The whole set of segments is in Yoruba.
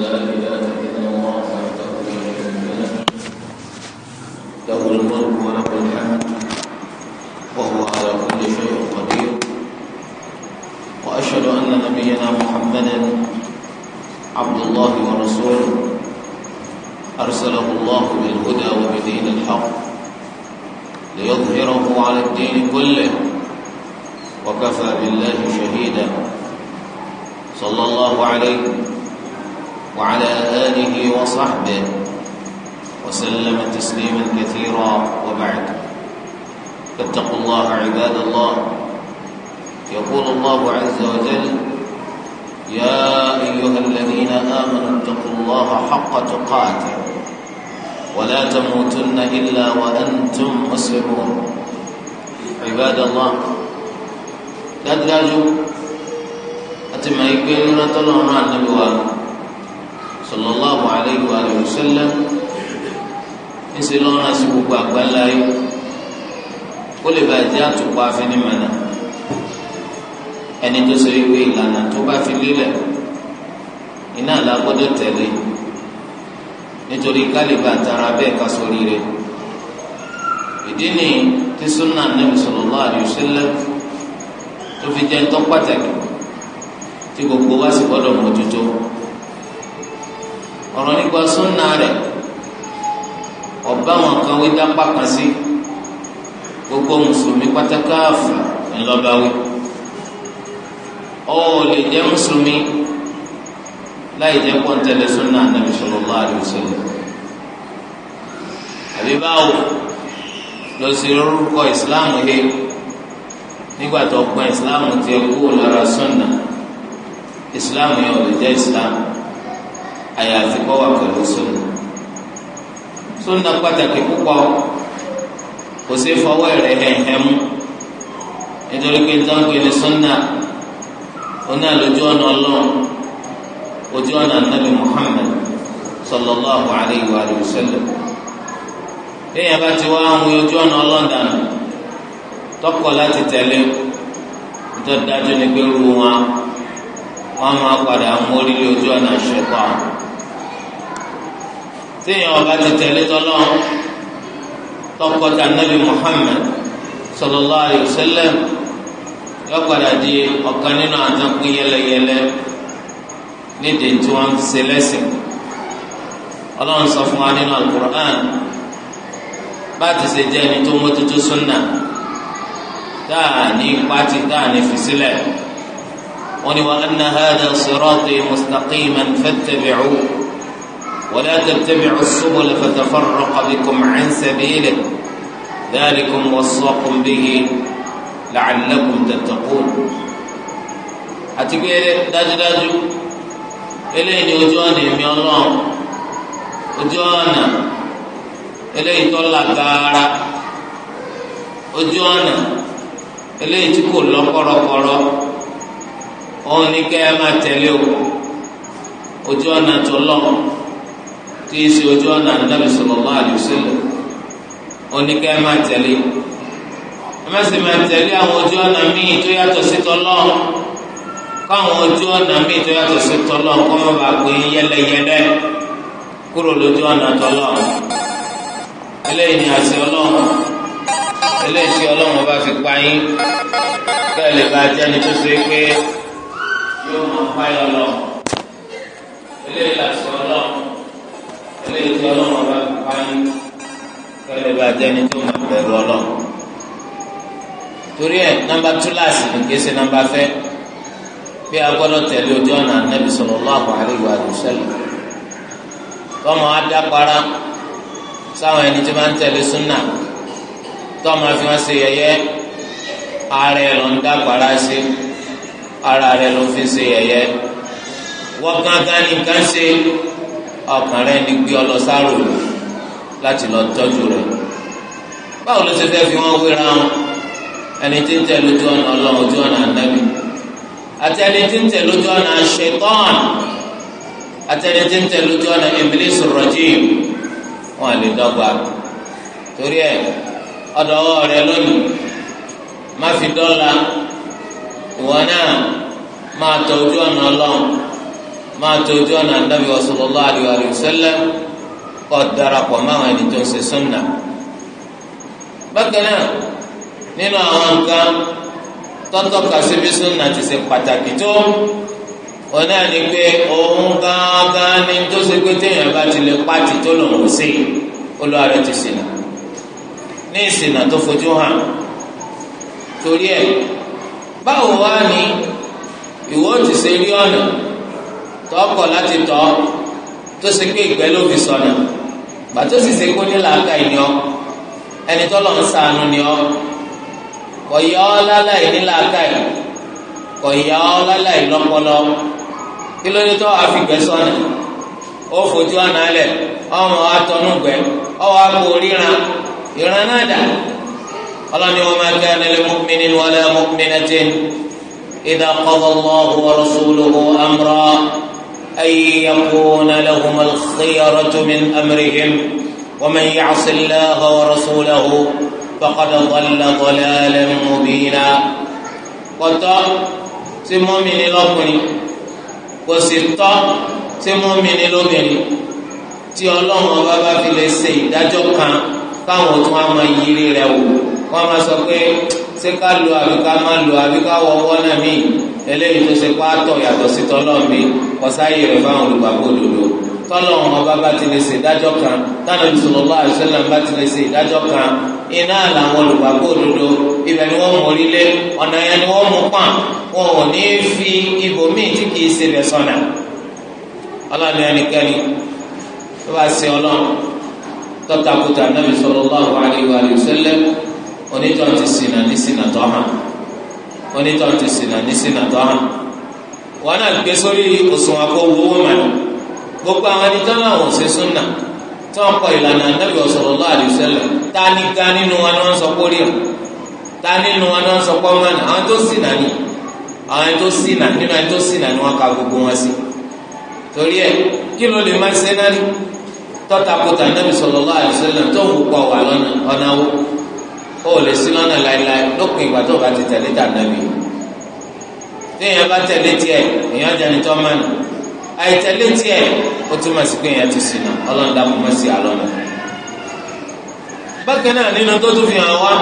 لا إله إلا الله وحده لا شريك له الملك وله الحمد وهو على كل شيء قدير وأشهد أن نبينا محمدا عبد الله ورسوله أرسله الله بالهدى وبدين الحق ليظهره على الدين كله وكفى بالله شهيدا صلى الله عليه وعلى آله وصحبه وسلم تسليما كثيرا وبعد فاتقوا الله عباد الله يقول الله عز وجل يا أيها الذين آمنوا اتقوا الله حق تقاته ولا تموتن إلا وأنتم مسلمون عباد الله لا تلاجوا أتم أيقين لنا تلونا النبوة sallallahu alayhi wa sallam ńṣe lọ́rùn àti gbogbo àgbáńlá yìí ó lè bàjẹ́ àtúpọ̀ afẹ́nimọ̀nà ẹni tó ṣe wípé ìlànà tó bá fi lélẹ̀ iná la gbọ́dọ̀ tẹ̀lé nítorí kálíbà tara bẹ́ẹ̀ ká sórí rẹ̀ ìdí ni tí súnà Nabi sallallahu alayhi wa sallam tó fi jẹ́ ń pàtàkì tí gbogbo wa sì gbọ́dọ̀ mójútó ọ̀rọ̀ nípa súnà rẹ̀ ọba àwọn kan wí dápá kan sí gbogbo mùsùlùmí pátákáàfù ńlọbàwí ọ lè jẹ́ mùsùlùmí láì jẹ́ pọ́ńtẹ́lẹ̀ súnà nàbì sallallahu alaihi wasallam àbí báwo lọ sí orúkọ ìsìláàmù yìí nígbà tó gbọ́n ìsìláàmù tiẹ̀ kú lára súnà ìsìláàmù yẹn ò lè jẹ́ ìsìláàmù àyàfi kọ́ wà pẹ̀lú sunna sunna pàtàkì púpọ̀ kò sí fọwọ́ rẹ̀ hẹ̀hẹ̀ mú nítorí pé dáńkì ni sunna oní àlójú ọ̀nà ọlọ́run ojú ọ̀nà anabi Muhammad sallallahu alayhi wa sallam èèyàn bá ti wá àwọn ojú ọ̀nà ọlọ́run dànù tọkọ láti tẹ̀lé tó dájú ni pé ru wọn wọn máa padà mórí lójú ọ̀nà ṣẹ̀kọ́ àwọn téèyàn ọba ti tẹ̀lé tọ́lọ́n tọkọtà nabi Muhammad sallallahu alayhi wa sallam yọpadà di ọ̀kan nínú àtàkùn yẹlẹyẹlẹ nídìí tí wọ́n ń ṣe lẹ́sìn ọlọ́run sọ fún wa nínú alukur'an bá ti ṣe jẹ́ ẹni tó mójútó súnà dáa ní pátì dáa ní fìsílẹ̀ wọ́n ní wa anna hadha sirati mustaqiman fattabi'u. ولا تتبعوا السبل فتفرق بكم عن سبيله ذلكم وصاكم به لعلكم تتقون àti pé dájúdájú eléyìí ni ojú ọ̀nà èmi ọlọ́run ojú ọ̀nà eléyìí tó la gaara ojú ọ̀nà eléyìí tí kò lọ kọ́rọ́kọ́rọ́ òun ni kẹ́ ẹ máa tẹ̀lé o ojú ọ̀nà tó lọ́wọ́ tí í ṣe ojú ọ̀nà ànábì sallallahu alaihi wasallam oníkẹ́ máa tẹ̀lé ẹ má sì máa tẹ̀lé àwọn ojú ọ̀nà míì tó yàtọ̀ sí tọ́lọ́ káwọn ojú ọ̀nà míì tó yàtọ̀ sí tọ́lọ́ kó má bàa pé yẹlẹyẹlẹ kúrò lójú ọ̀nà tọ́lọ́ eléyìí ni àṣẹ ọlọ́run eléyìí tí ọlọ́run bá fi pa yín bẹ́ẹ̀ lè bá jẹ́ni tó ṣe pé yóò máa páyọ̀ lọ eléyìí làṣẹ ọlọ́run eléyìí tí ọlọ́run bá fi pààyàn kẹlẹ́ bá jẹ́ni tó máa bẹ̀rù ọlọ́run torí ẹ̀ nọ́mbà túláàsì ní kìí ṣe nọ́mbà bí a gbọ́dọ̀ ojú ọ̀nà anábì sallallahu alaihi wa sallam tọ́mọ adápara sáwọn ẹni tí máa ń tẹ̀lé súnà tọ́mọ fi wọ́n ṣe yẹ̀yẹ́ ara ẹ̀ ló ń dápara sí ara rẹ̀ ló fi ṣe yẹ̀yẹ́ wọ́n gángan ní nǹkan ṣe ọkàn rẹ ni gbé ọ lọ sáró láti lọ tọ́jú rẹ báwo ló ṣe fẹ́ fi wọ́n wéra wọn ẹni tí ń tẹ lójú ọ̀nà ọlọ́run ojú ọ̀nà ànábì àti ẹni tí ń tẹ lójú ọ̀nà ṣẹ̀tán àti ẹni tí ń tẹ lójú ọ̀nà ìbílísì rọ̀jìm wọn lè dọ́gba torí ẹ ọdọwọ rẹ lónìí má fi dọ́là ìwọ náà máa tọ́jú ọ̀nà ọlọ́run máa tó ojú ọ̀nà ànábì wa sallallahu alayhi wa sallam kọ́ darapọ̀ máwọn ẹni tó ń ṣe sunna. bákan náà nínú àwọn nǹkan tọ́tọ́ kà síbi sunna ti ṣe pàtàkì tó ọ̀nà ni pé òun gángan ni tó ṣe pé téèyàn bá ti lè pàtì tó lòun sí olùwàrẹ̀ ti ṣìnà ní ìṣìnà tó fojú hàn torí ẹ̀ báwo wá ni ìwọ ti ṣe rí ọ̀nà tọ́kọ̀ láti tọ́ tó ṣe pé ìgbẹ́ ló fi sọnù bàtó sì ṣe kó ní làákà ìní ọ ẹni tọ́lọ̀ ń sànù ni ọ kò yọ ọ láláì ní làákà ì kò yọ ọ láláì lọ́pọlọ kí ló dé tọ́ àfìgbẹ́ sọnù ó fojú ọ̀nà alẹ̀ ọmọ atọ́nú gbẹ ọwọ́ akó ríran ìran náà dà ọlọ́ni wọn máa gbé ẹni lẹ́mú mímí wọlé mú mímí náà tẹ́ ìdá qada Allahu wa rasuluhu amra. أن يكون لهم الخيرة من أمرهم ومن يعص الله ورسوله فقد ضل ضلالا مبينا kọtọ tí mọmìnì lọkùnrin kò sì tọ́ tí mọmìnì lóbìnrin tí Ọlọ́run ọba bá fi lè ṣe ìdájọ́ kan káwọn tún á máa yiri rẹ̀ wò wọn máa sọ pé ṣé ká lo àbí ká má lo àbí ká wọ ọwọ́ náà mí eléyìí tó ṣe pàtó yàtọ̀ sí tọ́lọ́ọ̀mí ọ̀sáyé rẹ̀ fáwọn olùgbàgbọ́ òdodo tọ́lọ́run ọba bá ti lè ṣe ìdájọ́ kan táwọn ìṣòlọ́lá àṣẹlẹ̀ bá ti lè ṣe ìdájọ́ kan iná làwọn olùgbàgbọ́ òdodo ibẹ̀ ni wọ́n mú orílẹ̀ ọ̀nà yẹn ni wọ́n mú pọ́n wọn ò ní fi ibòmíì tí kìí ṣe bẹ̀ sọ̀nà ọlọ́run ẹnikẹ́ni tó bá ṣe ọlọ́run tọ́takùtà náà ìṣòlọ́lá àwọn àlè onítọ̀ ti ṣìnà ní ṣìnà tó hàn onítọ̀ ti ṣìnà ní ṣìnà tó hàn wọn náà gbé sórí òṣùwọ̀n akówó owó màdì gbogbo àwọn ẹni tó láwọn ṣe súnà tí wọn kọ ìlànà anábì sallallahu alaihi wasallam ta ni ga nínú wọn ni wọn sọ pé rí ta nínú wọn ni wọn sọ pé ọmọ náà àwọn tó ṣìnà ni àwọn ẹni tó ṣìnà nínú ẹni tó ṣìnà ni wọn ka gbogbo wọn sí torí ẹ kí ló lè má ṣe náà rí tọ́ta kó tà tó ń wò wà lọ́nà ọ̀nà o lè sí lọ́nà láéláé lópin ìgbà tó o bá ti tẹ̀lé tànàbí tí èèyàn bá tẹ̀lé tiẹ̀ èèyàn jẹni tó mọ̀ nù àìtẹ̀lé tiẹ̀ ó túmọ̀ sí pé èèyàn ti sìn náà ọlọ́run dàpọ̀ mọ́ sí àlọ́ bákan náà nínú tó tún fi hàn wá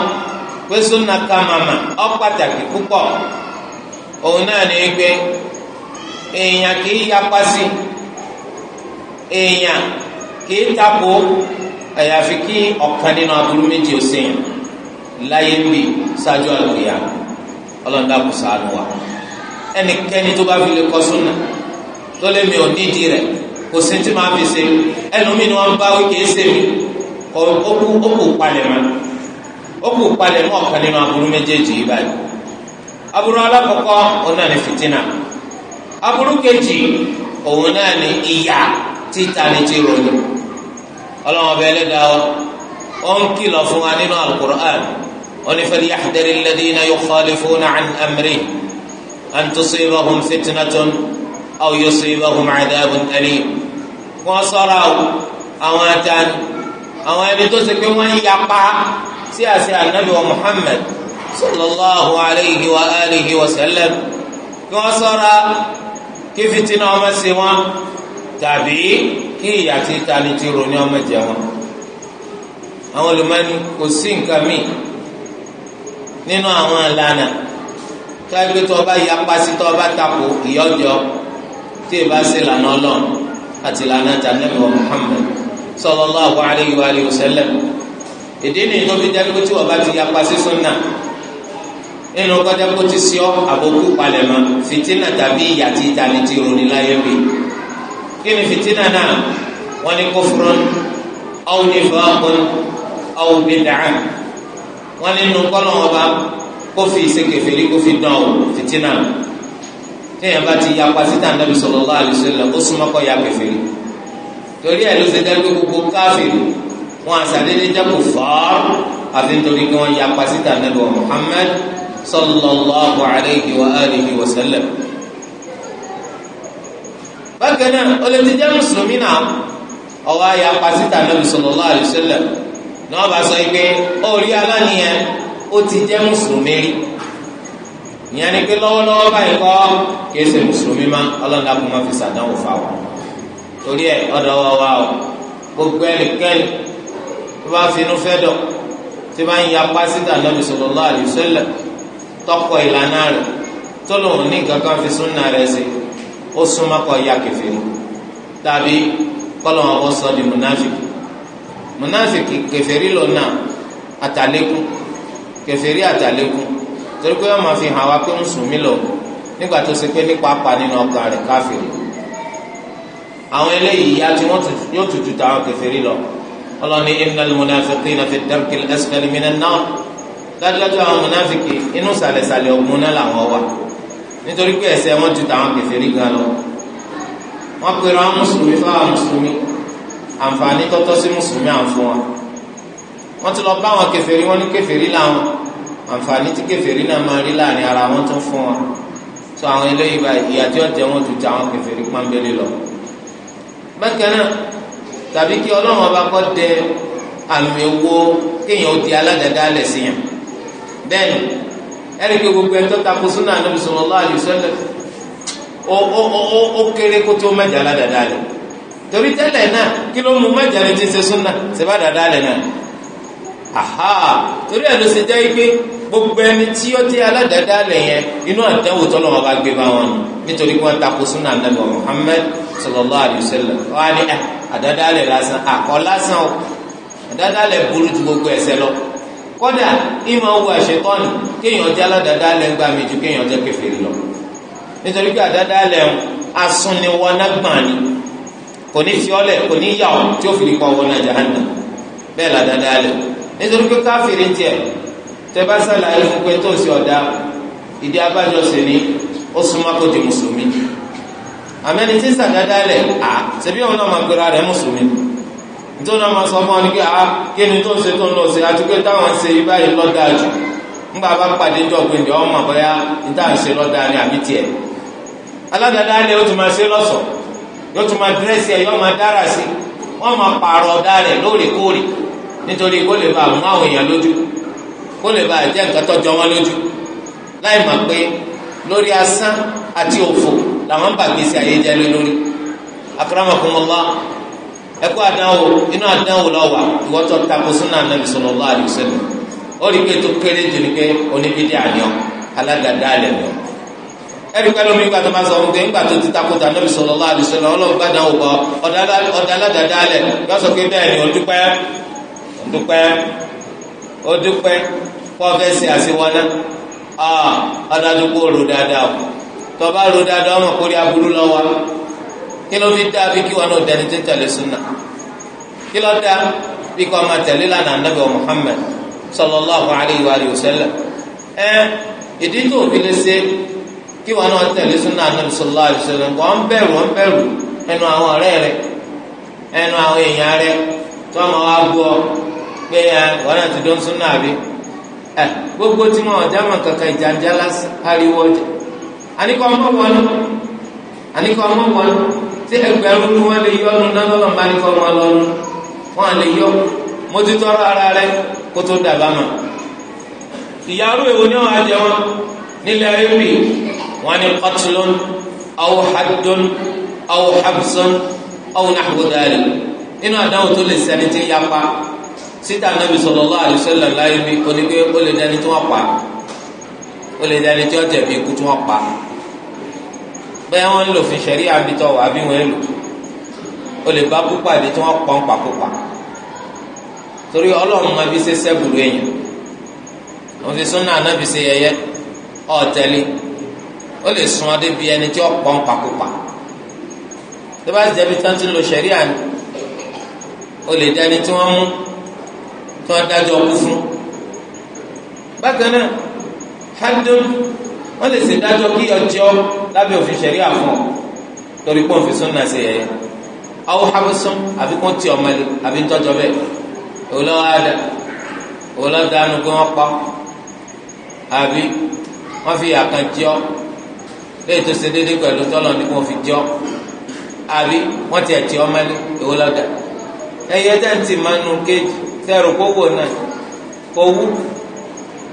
pé sunna ká màmá ó pàtàkì púpọ̀ òun náà ní èèyàn kì í yapa láyé ń bì ṣáájú àlùkìyà ọlọ́run dàkú ṣàánú wa ẹnikẹ́ni tó bá fi lè kọ́ súnà tó lé mi ò nídìí rẹ̀ kò sí tí màá fi ṣe ẹlòmíì ni wọ́n bá wíkẹ́ ẹ́ sèmi ó kú ó palẹ̀ mọ́ ó palẹ̀ mọ́ ọ̀kan nínú aburú méjèèjì yìí báyìí aburú alákọ̀ọ́kọ́ òun náà ni fìtínà aburú kejì òun náà ni ìyà títa ni ti ròyìn ọlọ́run ọba ẹlẹ́dàá ó ń kìlọ̀ fún wa nínú alukur'an. ولفليحذر الذين يخالفون عن أمره أن تصيبهم فتنة أو يصيبهم عذاب أليم وصروا أواتان أوان تسكوا يقع سياسة النبي ومحمد صلى الله عليه وآله وسلم وصرا كيف تنام سوا tàbí kí ìyà tí tani ti rò ní ọmọ jẹ wọn àwọn olùmọ́ni kò sí nǹkan míì nínú àwọn ìlànà tó ẹgbẹ́ tó ọba yà pàṣẹ tó ọba tako ìyọ́jọ́ tí ìbá ṣe lànà ọlọ́run àti lànà tànàbí wa Muhammad sallallahu alayhi wa alihi wa sallam ìdí ni inú fi jẹ́ pé tí ọba ti yà pàṣẹ sunna nínú kọjá kó ti sọ àbókù palẹ̀mọ́ fìtínà tàbí ìyà tí ìtàní ti roni láyé bi kí ni fìtínà náà wọ́n ní kófurọ́n ọ̀hún ní fọ́ọ̀kùn ọ̀hún bí dàá wọn nínú kọlọ́wọ́n bá kó fi ìsekèfèrí kó fi dán o fìtínà téèyàn bá ti yapa síta nàbì sallallahu alaihi wasallam ó súnmọ́ kọ́ ya kèfèrí torí ẹ̀ ló ṣe dẹ́gbẹ́ gbogbo káfíìrì wọn àṣàdédé jẹ́kù fọ́ọ́ àfi nítorí kí wọ́n yapa síta nàbì Muhammad sallallahu alaihi wa alihi wa sallam bákan náà ó lè ti jẹ́ mùsùlùmí náà ọwọ́ ayapa síta nàbì sallallahu alaihi wasallam ní wọn bá sọ yìí pé orí aláníyàn ó ti jẹ́ mùsùlùmí rí ìyẹn ni pé lọ́wọ́lọ́wọ́ báyìí kọ́ kìí ṣe mùsùlùmí má ọlọ́run dàpọ̀ má fi ṣàdánwò fà wọ́n torí ẹ̀ ọ̀dọ̀ wọ́ wa o gbogbo ẹnikẹ́ni tó bá finú fẹ́ dọ̀ tí bá ń ya pásítà Nabi sallallahu alaihi wasallam tọkọ ìlànà rẹ̀ tó lòun ní kankan fi súnà rẹ̀ sí ó súnmọ́ kọ́ ya kẹfẹ́ tàbí kọ́lọ́wọ́n bọ́ di mùnáfíkì mùnáfìkì kèfèrí lọ́nà àtàlékún kèfèrí àtàlékún torí pé wọ́n máa fi hàn wá pé ń sùn mí lọ nígbà tó ṣe pé nípa pa nínú ọkàn rẹ̀ káfíìrì àwọn eléyìí ya tí wọ́n yóò tutù táwọn kèfèrí lọ ọlọ́ni innal munafiqina fi darkil asfali minan nar dájúdájú àwọn mùnáfìkì inú sàlẹ̀sàlẹ̀ ọ̀gbun náà làwọn wà nítorí pé ẹ̀ṣẹ̀ wọn ti táwọn kèfèrí gan lọ wọ́n pèrò àwọn mùsùlùmí fáwọn mùsùlùmí àǹfààní tọ́tọ́ sí mùsùlùmí à ń fún wa wọ́n ti lọ bá àwọn kèfèrí wọ́n ní kèfèrí làwọn àǹfààní tí kèfèrí náà máa rí láàrin ara wọn tó fún wa tó àwọn eléyìí bá ìyá tí ọ̀jẹ̀ wọn ju ti àwọn kèfèrí pọ́nbélé lọ. bákan náà tàbí kí ọlọ́run ọba kọ́ dẹ àmì owó kéèyàn ó di aládàáda lẹ̀ sí yàn bẹ́ẹ̀ ni ẹ̀rí pé gbogbo ẹ̀tọ́ tako súnà Ànábì sallallahu alaihi wasallam ó kéré kó tó mẹ́jà aládàáda lẹ̀ torí tẹ́lẹ̀ náà kí ló mú mẹ́jẹ̀ni ti ṣe súnà ṣẹba dàda lẹ̀ náà aha torí ẹ̀ ló ṣe jẹ́ pé gbogbo ẹni tí ó jẹ́ aládàáda lẹ̀ yẹn inú àtẹ̀wò tọ́lọ̀ wọn bá gbé bá wọn nítorí wọn takò súnà nàbẹ Muhammad sallallahu alayhi wa sallam wọn á ní ẹ àdáda lẹ̀ lásán àkọ́ lásán o àdáda lẹ̀ burú ju gbogbo ẹ̀ṣẹ̀ lọ kódà ìmọ̀ owó àṣetọ́ni kéèyàn jẹ́ aládàáda lẹ̀ gbà mí ju kéèyàn jẹ́ kèfèrí lọ nítorí pé àdáda lẹ̀ ń asúnniwọ́nágbọ̀n ni kò ní fiọ́lẹ̀ kò ní tí ó fi kọ́ wọn náà jahanna bẹ́ẹ̀ la dáadáa lẹ̀ nítorí pé káfíìrì tiẹ̀ tẹ́ bá fún pé tó sì ọ̀dà ìdí abájọ sì ni ó súnmọ́ kó di mùsùlùmí àmẹ́ni tí sàdáadáa lẹ̀ à ṣẹbi òun náà máa gbéra rẹ̀ mùsùlùmí nítorí náà máa sọ fún ọ ní pé à kí tó ń ṣe tó lọ àti pé táwọn ṣe ibáyìí lọ́dà jù ńgbà bá pàdé ìdí ọmọ bọ́yá ṣe lọ́dà àbí tiẹ̀ yóò ma máa dírẹ́sì ẹ̀ yóò ma dára sí wọ́n ma pààrọ̀ ọ̀dà rẹ̀ lóòrèkóòrè nítorí kó lè bá mú àwọn èèyàn lójú kó lè bá jẹ́ nǹkan jọ lójú láì mọ̀ pé lórí asán àti òfò làwọn ń gbèsè ayé jẹ́ lé lórí akramakumullah ẹkọ àdánwò inú àdánwò lọ wà ìwọ́tọ̀ tako súnà ó ẹ̀ríkà lómi gbàtọ́ máa sọ wípé ńgbà tó ti takòtà Ànábì sallallahu alaihi wasallam ọlọ́run bá dáhùn bọ́ ọ̀dà aládàáda alẹ̀ yọ sọ pé bẹ́ẹ̀ ni ọdúpẹ́ ọdúpẹ́ ọdúpẹ́ pọ́fẹ́sì àṣewọ́ná ọ̀dájú kó ro dáadáa tó bá ro dáadáa ọmọ kórìí aburú lọ́wọ́ kí ló fi dá bí kí wọn náà dẹni tó ń tẹ̀lé súnà kí ló dá bí kò máa tẹ̀lé lánà Ànábì Muhammad sallallahu alaihi wa sallam ẹ ìdí tó fi lè ṣe kí wọn náà tẹ̀lé súnà anabi sallallahu alaihi wasallam kọ́ ń bẹ̀rù ń bẹ̀rù ẹnu àwọn ọ̀rẹ́ rẹ ẹnu àwọn èèyàn rẹ tó ọmọ wa bú ọ pé wọn náà ti dán súnà àbí ẹ gbogbo tí wọn ọjà mọ kankan ìjànjá lásán ariwo ọjà àníkọ́ ọmọ wọn lọ àníkọ́ ọmọ wọn lọ tí ẹgbẹ̀rún ni wọn lè yọ ọdún náà lọ́nà bá ní kọ́ ọmọ lọ́nu wọn lè yọ mójútó ara rẹ kó tó dàbá mọ ìyàrú èwo ni wọn á wọn nílẹ̀ ayé bíi wọ́n ní qatlun aw haddun aw habsun aw nahwu dhalik nínú àdáhùn tó lè sẹ́ni tí ń yapa síta nàbì sallallahu alaihi wasallam láyé bí onígbé ó lè dání tí wọ́n pa ó lè dání tí wọ́n jẹ̀bi ikú tí wọ́n pa bẹ́ẹ̀ wọ́n ń lò fi ṣẹ̀rí àbítọ̀ wà bí wọ́n ń lò ó lè bá púpà dé tí wọ́n pọ́n pàkópa torí ọlọ́run máa fi ṣe sẹ́gùrú èèyàn òun ti sún náà nàbì ṣe yẹyẹ ọ̀tẹ́lẹ̀ ó lè sun ọdẹ bíi ẹni tí ó pọ́n pakópa tó bá jẹ́ bí tán ti lo sẹ̀ríà ni ó lè dẹni tí wọ́n mú tí wọ́n dájọ́ kú fún bákan náà hadum wọ́n lè ṣe dájọ́ kí ọjọ́ lábẹ́ òfin sẹ̀ríà fún ọ torí pé òfin sunna ṣe yẹ̀yẹ́ awo habesun àfi kún tí ọmọ ẹlẹ àfi tọjọ bẹ́ẹ̀ òlọwọ ada òlọdàánu pé wọ́n pa àbí wọ́n fi àkànjọ léyìí tó ṣe déédéé pẹ̀lú tọ́lọ̀ ni wọ́n fi jọ́ àbí wọ́n ti ẹ̀tì ọmọ ẹni èwo lọ́dà ẹ̀yẹ dẹ́ǹtì máa nu kéèjì tẹ́rù kówó náà kò wú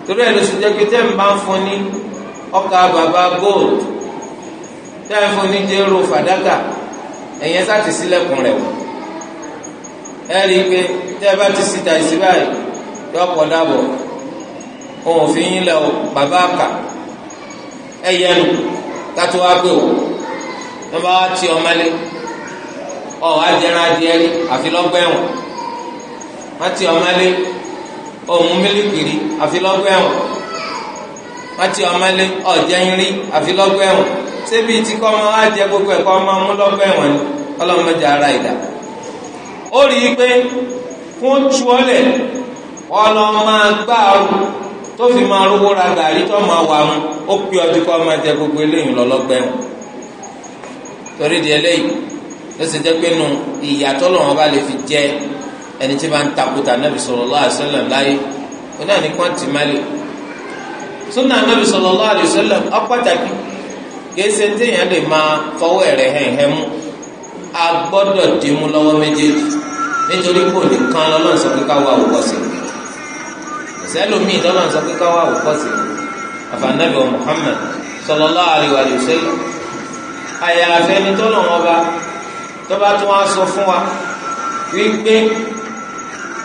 torí ẹ̀ ló ṣe jẹ́ pé tẹ́ ń bá ń fún ní ọkà bàbá gold tẹ́ ń fún ní jéró fàdákà ẹ̀yẹ sá ti sílẹ̀kùn rẹ̀ wọ̀ ẹ̀ rí i pé tẹ́ ẹ bá ti síta ìsíbáyìí yọ̀pọ̀ dábọ̀ òun òfin yín lẹ̀ bàbá àkà ẹ̀yẹ nù kátó wá pé wò wọn bá wá ti ọmọ lé ọ wá jẹran adìẹ rí àfi lọgbà ẹ̀wọ̀n wọn ti ọmọ lé òun mílíkì rí àfi lọgbà ẹ̀wọ̀n wọn ti ọmọ lé ọjẹyìn rí àfi lọgbà ẹ̀wọ̀n ṣebí tí kọ́ ọmọ wá jẹ gbogbo ẹ̀kọ́ ọmọ mú lọgbà ẹ̀wọ̀n ni ọlọ́mọdé ara ìdá ó rí i pé fún tuọ́lẹ̀ ọlọ́mọ gbáàrú tó fi máa rówó ra gàrí tó máa wà mu ó pè ọdí kọ́ máa jẹ gbogbo eléyìí lọ́lọ́gbẹ́ wọn torí di eléyìí ló sì jẹ́ pé nu ìyàtọ̀ lọ́wọ́ bá lè fi jẹ ẹni tí máa ń takùtà nàbì sallallahu alaihi wasallam láyé ó náà ní kọ́ńtì má lè súnà nàbì sallallahu alaihi wasallam ó pàtàkì gèsè téèyàn lè máa fọwọ́ ẹ̀rẹ̀ hẹ̀hẹ̀ mú a gbọ́dọ̀ dìímú lọ́wọ́ méjèèjì nítorí kò sẹ́lómi ìtọ́lọ́ sọ pé káwá wò kọ́ sí àfànàbí wa Muhammad sallallahu alaihi wa sallam àyàfẹ́ ni tọ́lọ̀ wọn bá tọ́ba tó wá sọ fún wa wípé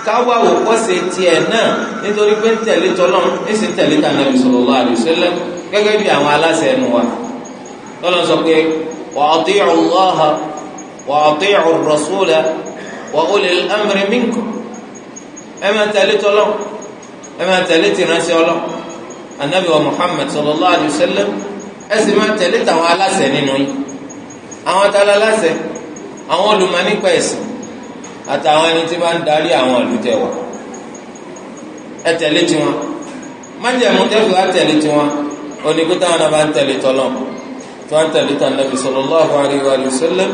káwá wò kọ́ sí tiẹ̀ náà nítorí pé ń tẹ̀lé tọ́lọ́ ń sì tẹ̀lé tànàbí sallallahu alaihi wa sallam gẹ́gẹ́ bí àwọn aláṣẹ ẹnu wa tọ́lọ̀ sọ pé wa ati'u Allaha wa ati'u ar-rasula wa ulil amri minkum ẹ máa tẹ̀lé tọ́lọ́ ẹ máa tẹ̀lé ti ránṣẹ́ ọlọ́ anabi wa muhammad sallallahu alayhi wa sallam ẹ sì máa tẹ̀lé tàwọn aláṣẹ nínú yín àwọn atala aláṣẹ àwọn olùmọ̀ nípa ẹ̀sìn àtàwọn ẹni tí bá ń darí àwọn ìlú tẹ wà ẹ tẹ̀lé tiwọn májẹ̀mú tẹ́fù á tẹ̀lé tiwọn onígbé táwọn náà bá ń tẹ̀lé tọ́lọ̀ tí wọ́n tẹ̀lé tànàbì sallallahu alaihi wa sallam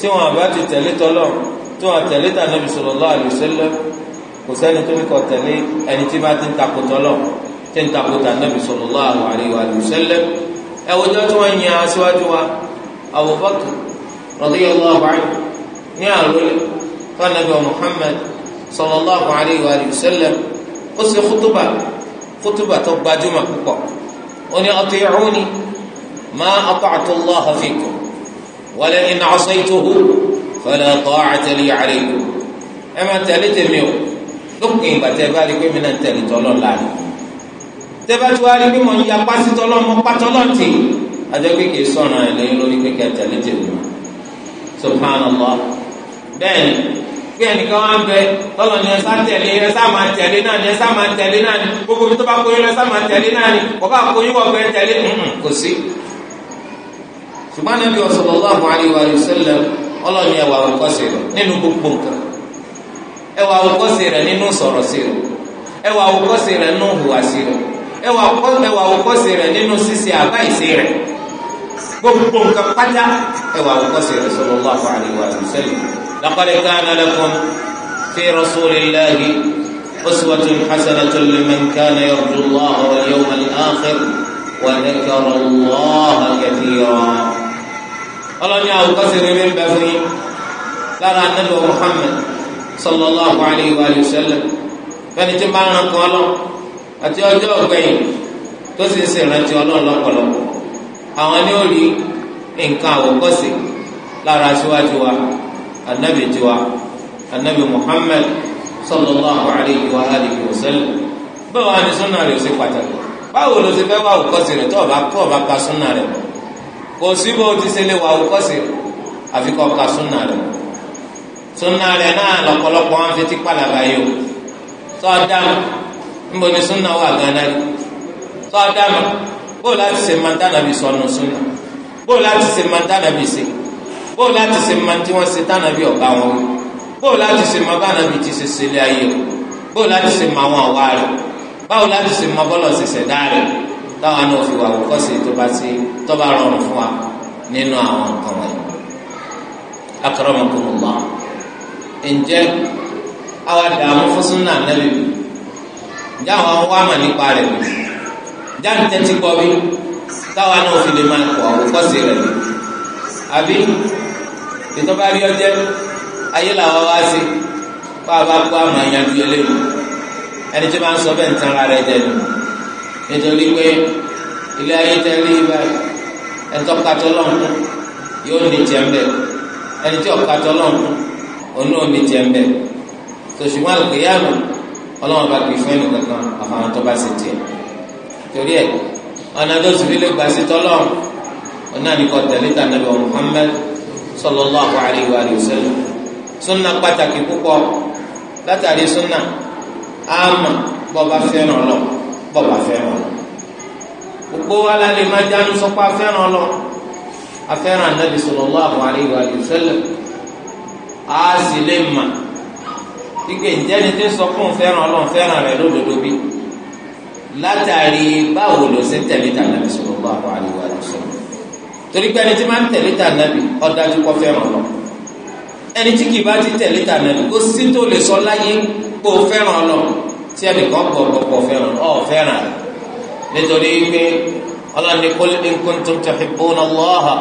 tí wọ́n bá ti tẹ̀lé tọ́lọ̀ tí wọ́n tẹ̀lé tànàbì sallallahu alaihi wa kò sẹ́ni tó ní kọ tẹ̀lé ẹni tí bá ti ń takò tọ́lọ̀ tí ń takò tà nàbì sallallahu alaihi wa sallam ẹ̀wọ̀jọ́ tí wọ́n yan aṣíwájú wa Abubakar radiyallahu anhu ní àròlé fanabi Muhammad sallallahu alaihi wa sallam ó sì kútùbà kútùbà tó gbajúmọ̀ púpọ̀ ó ní ati'uni ma ata'tu Allaha fikum ẹ máa tẹ̀lé tèmi o lópin ìgbà tẹ bá rí pé mi náà tẹ̀lé tọ́lọ́ lánàá tẹ bá ti wá rí pé mo ń ya pásí tọ́lọ́ mo pa tọ́lọ́ tì àjọ pé kì í sọ̀rọ̀ ẹ̀ lẹ́yìn lórí pé kẹ́ tẹ̀lé tèmi mọ́ subhanallah bẹ́ẹ̀ ni bí ẹnìkan wá ń bẹ lọ́lọ́ ni ẹ̀sá tẹ̀lé ẹ̀sá máa tẹ̀lé náà ni ẹ̀sá máa tẹ̀lé náà ni gbogbo mi tó bá kóyún lọ ẹ̀sá máa tẹ̀lé náà ni kò bá kóyún wọ̀ bẹ́ẹ̀ tẹ̀lé kò sí. ṣùgbọ́n Ànábì sallallahu alaihi wa sallam ọlọ́ni ẹ̀wà òkọ́sẹ̀ nínú gbogbo nǹkan ẹ wà àwòkọ́ṣe rẹ̀ nínú sọ̀rọ̀ sí rẹ̀ ẹ wà àwòkọ́ṣe rẹ̀ nínú hùwà sí rẹ̀ ẹ wà àwòkọ́ṣe rẹ̀ nínú ṣíṣe àbá ìṣe rẹ̀ gbogbo nǹkan pátá ẹ wà àwòkọ́ṣe rẹ̀ sallallahu alaihi wa sallam laqad kana lakum fi rasulillahi uswatun hasanatun liman kana yarju Allaha wal yawmal akhir wa dhakara Allaha kathira ọlọ́ni àwòkọ́ṣe rẹ̀ ń bẹ fún yín lára anábọ̀ Muhammad sallallahu alayhi wa sallam fẹ́ni tí máa ń ran kan lọ àti ọjọ́ ọ̀gbẹ́yìn tó sì ń ṣèrántí ọlọ́run lọ́pọ̀lọpọ̀ àwọn ni ó rí nǹkan àwòkọ́sì lára síwájú wa anabi tiwa anabi muhammad sallallahu alayhi wa alihi wa sallam báwo ni sunna rẹ̀ ṣe pàtàkì báwo ló ṣe fẹ́ wá àwòkọ́sì rẹ̀ tó ọba kó ọba ka sunna rẹ̀ kò sí bó ti ṣe wá àwòkọ́sì àfikọ́ ka sunna rẹ̀ sunna rẹ̀ náà lọ́pọ̀lọpọ̀ wọn fi ti pàlàbà yìí o tọ́ dàmú ni sunna wà gánà tọ́ dàmú bó láti ṣe máa dáná bí sọnù sunna bó láti ṣe máa dáná bí ṣe bó láti ṣe máa tí wọ́n ṣe dáná bí ọ̀gá wọn o bó láti ṣe máa bá nàbí ti ṣe ṣẹlẹ̀ ayé o bó láti ṣe máa wọn àwa rẹ̀ báwo láti ṣe máa bọ́lọ̀ ṣe ṣẹ̀dá táwọn náà fi wà wọ́kọ́ sí tó bá ti tó bá rọrùn fún wa nínú àwọn nǹkan wọn. akramakumullah ǹjẹ́ àwọn àdààmú fún súnà ànábì mi ǹjẹ́ àwọn wá mà nípa rẹ̀ mi ǹjẹ́ àwọn tẹ́tí gbọ́ mi táwa náà fi lè máa kọ̀ àwòkọ́sí rẹ̀ mi àbí ìtọ́ba rí ọjẹ́ ayé làwọn wá sí kó a bá kó àmọ́ ìyanjú eléyìí ẹni tí wọ́n máa ń sọ bẹ́ẹ̀ ń tan ara rẹ̀ jẹ nù nítorí pé ilé ayé tẹ́lẹ̀ ìbáyìí ẹni tó katọ́ lọ́nkún yóò ní tiẹ̀ ń bẹ̀ ẹni tí ò katọ́ olóhùn ní tiẹ̀ ń bẹ̀ tòṣùwọ́n àlùkìyàmù ọlọ́wọ́n bá gbé fún ẹnu kankan àfàwọn tó bá ṣe tiẹ̀ torí ẹ̀ ọ̀nà tó sì fi lè gbà sí tọ́lọ́run ọ̀nà nìkan tẹ̀lé ta nàbẹ̀ Muhammad sallallahu alaihi wa sallam sunna pàtàkì púpọ̀ látàrí sunna àmà bọ́ba fẹ́ràn lọ bọ́ba fẹ́ràn lọ gbogbo wa la lè má jánu sọ́kọ́ afẹ́ràn lọ afẹ́ràn nàbì sallallahu alaihi wa sallam á sì lè mà ike ìjẹni tó sọ fún fẹ́ràn Ọlọ́run fẹ́ràn rẹ̀ lódodo bí látàrí báwo ló ṣe tẹ̀lé tà nàbì sallallahu alaihi wa sallam torí pé ẹni tí máa ń tẹ̀lé tà nàbì ọ̀dájú kọ́ fẹ́ràn Ọlọ́run ẹni tí kì í bá ti tẹ̀lé tà nàbì kó sí tó lè sọ láyé kó fẹ́ràn Ọlọ́run tí ẹnì kan gbọ̀ gbọ̀ fẹ́ràn ọ̀ fẹ́ràn nítorí pé ọlọ́ni kul in kuntum tuhibbuna Allaha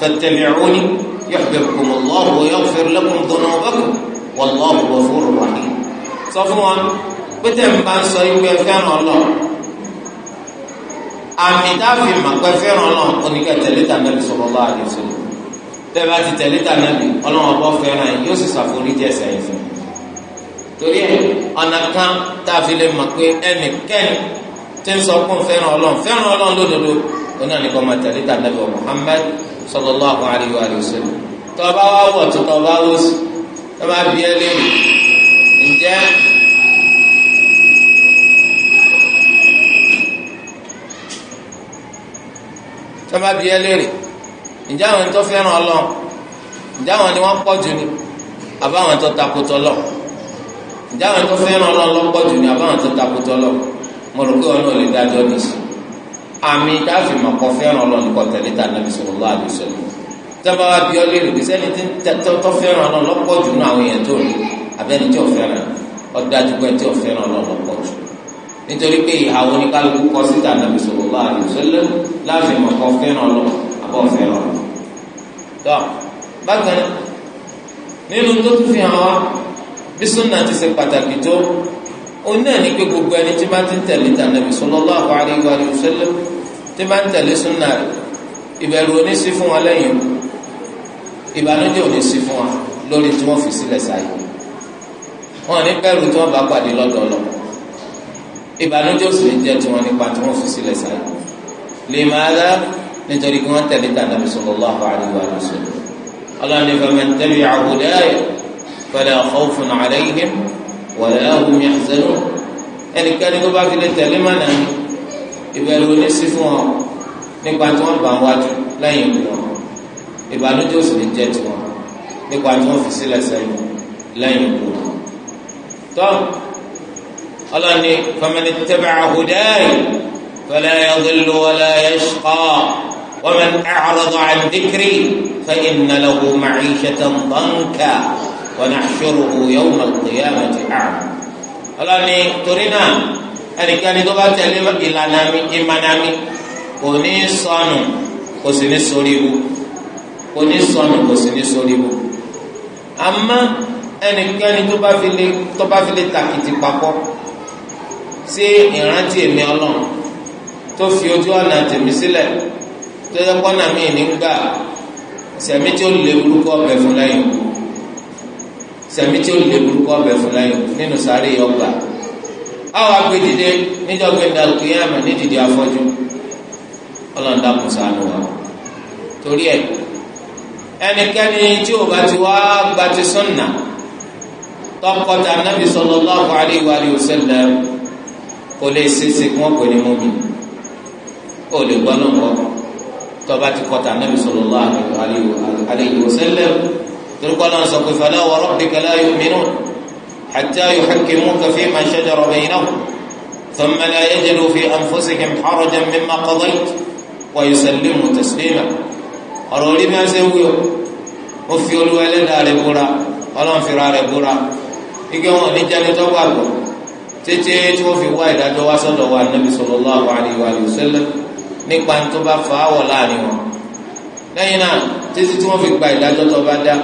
fattabi'uni يحببكم الله ويغفر لكم ذنوبكم والله غفور رحيم صفوان بتم بان سايو كفان الله àmì dáàfin màgbẹ́ fẹ́ràn ọlọ́run oníkẹ́ tẹ̀lé tànàbì sallallahu alaihi wasallam tẹ́ bá ti tẹ̀lé tànàbì ọlọ́run ọbọ̀ fẹ́ràn yóò sì ṣàforíjì ẹ̀ṣẹ̀ yìí fún un torí ẹ̀ ọ̀nà kan tá a fi lè mọ̀ pé ẹnìkẹ́ni tí ń sọ fún fẹ́ràn ọlọ́run fẹ́ràn ọlọ́run lódodo oní àníkọ́ máa tẹ̀lé tà nàbẹ̀ Muhammad sallallahu alayhi wa sallam tọ́ba wá wọ̀ tó tọ́ba wó sí tọ́ba bí ẹ lé ǹjẹ́ tọ́ba bí ẹ lé rè ǹjẹ́ àwọn ẹni tó fẹ́ràn ọlọ́run ǹjẹ́ àwọn ni wọ́n pọ̀ jù ni àbáwọn tó takotọ́ lọ ǹjẹ́ àwọn ẹni tó fẹ́ràn ọlọ́run lọ́pọ̀ jù ni àbáwọn tó takotọ́ lọ mo rò pé wọn náà lè dájọ́ nìyí àmì dáàfì màkọ fẹ́ràn ọlọ́run kọ tẹ̀lé tà nàbì sallallahu alaihi wasallam tẹ́lẹ̀ wá bí ọlẹ́ rẹ̀ sẹ́ni tó fẹ́ràn ọlọ́run lọ́pọ̀ jù nínú àwọn èèyàn tó rí abẹ́ni tí ò fẹ́ràn ọ̀dájú pé tí ò fẹ́ràn ọlọ́run lọ́pọ̀ jù nítorí pé ìhàwọ́ ní kálukú kọ sí tà nàbì sallallahu alaihi wasallam láàfì màkọ fẹ́ràn ọlọ́run òun náà ní pé gbogbo ẹni tí bá ti ń tẹ̀lé ta nàbì sallallahu alaihi wa sallam tí bá ń tẹ̀lé súnà rẹ̀ ìbẹ̀rù oníṣí fún wa lẹ́yìn ìbànújẹ́ oníṣí fún wa lórí tí wọ́n fi sílẹ̀ sáyé wọn ní bẹ̀rù tí wọ́n bá pàdé lọ́dọ̀ lọ ìbànújẹ́ òsì ní jẹ́ tí wọ́n nípa tí wọ́n fi sílẹ̀ sáyé lè máa dá nítorí kí wọ́n tẹ̀lé ta nàbì sallallahu alaihi wala hum yahzanun ẹnikẹ́ni tó bá fi lè tẹ̀lé mọ́nà mi ìbẹ̀rù ní sí fún ọ nípa tí wọ́n bá wájú lẹ́yìn ìlú wọn ìbànújẹ́ òsì ní jẹ́ tiwọn nípa tí wọ́n fi sílẹ̀ sẹ́yìn lẹ́yìn ìlú wọn. tọ́ ọlọ́ni faman ittaba'a hudaya fala yadhillu wala yashqa wa man a'rada 'an dhikri fa inna lahu ونحشره يوم القيامة أعمى ọlọ́ni torí náà ẹnikẹ́ni tó bá tẹ̀lé ìlànà mi ìmọ̀nà mi kò ní sọnù kò sì ní sórí ibu kò ní sọnù kò sì ní sórí ibu àmọ́ ẹnikẹ́ni tó bá fi tó bá fi lè tàkìtì sí ìrántí èmi ọlọ́run tó fi ojú ọ̀nà tèmi sílẹ̀ tó yẹ kọ́nà mi ní gbà sẹ̀mí tí ó lè burúkọ ọbẹ̀ fún lẹ́yìn kù sẹ̀mí tí ó lè burúkú ọbẹ̀ fún lẹ́yìn nínú sáré ọgbà àwọn agbẹ́dìde níjọba ìdàlùkìyàmà nídìdí afọ́jú ọlọ́ọ̀dà kò sànù wa torí ẹ̀ ẹnikẹ́ni tí ó bá ti wá gba ti sunna tọkọta nabi sallallahu alaihi wa alihi wasallam kò lè ṣeéṣe kí wọ́n pè ní mọ́mí ó lè gbọ́ lọ́wọ́ tọba ti kọta nabi sallallahu alaihi wa alihi torúkọ náà sọ pé fala wa rabbika la yu'minun hatta yuhakkimuka fima shajara baynahum thumma la yajidu fi anfusihim harajan mimma qadayt wa yusallimu taslima ọ̀rọ̀ orí bá ṣe wúyọ ó fi olúwa ẹlẹ́dàá rẹ̀ búra ọlọ́run fira rẹ̀ búra ike wọn ní jẹni tó gbàgbọ́ títí tí wọ́n fi wá ìdájọ́ wá sọ́dọ̀ wa nàbì sallallahu alaihi wa sallam nípa tó fa àwọ̀ láàrin wọn lẹ́yìn náà títí tí fi gba ìdájọ́ tó bá dá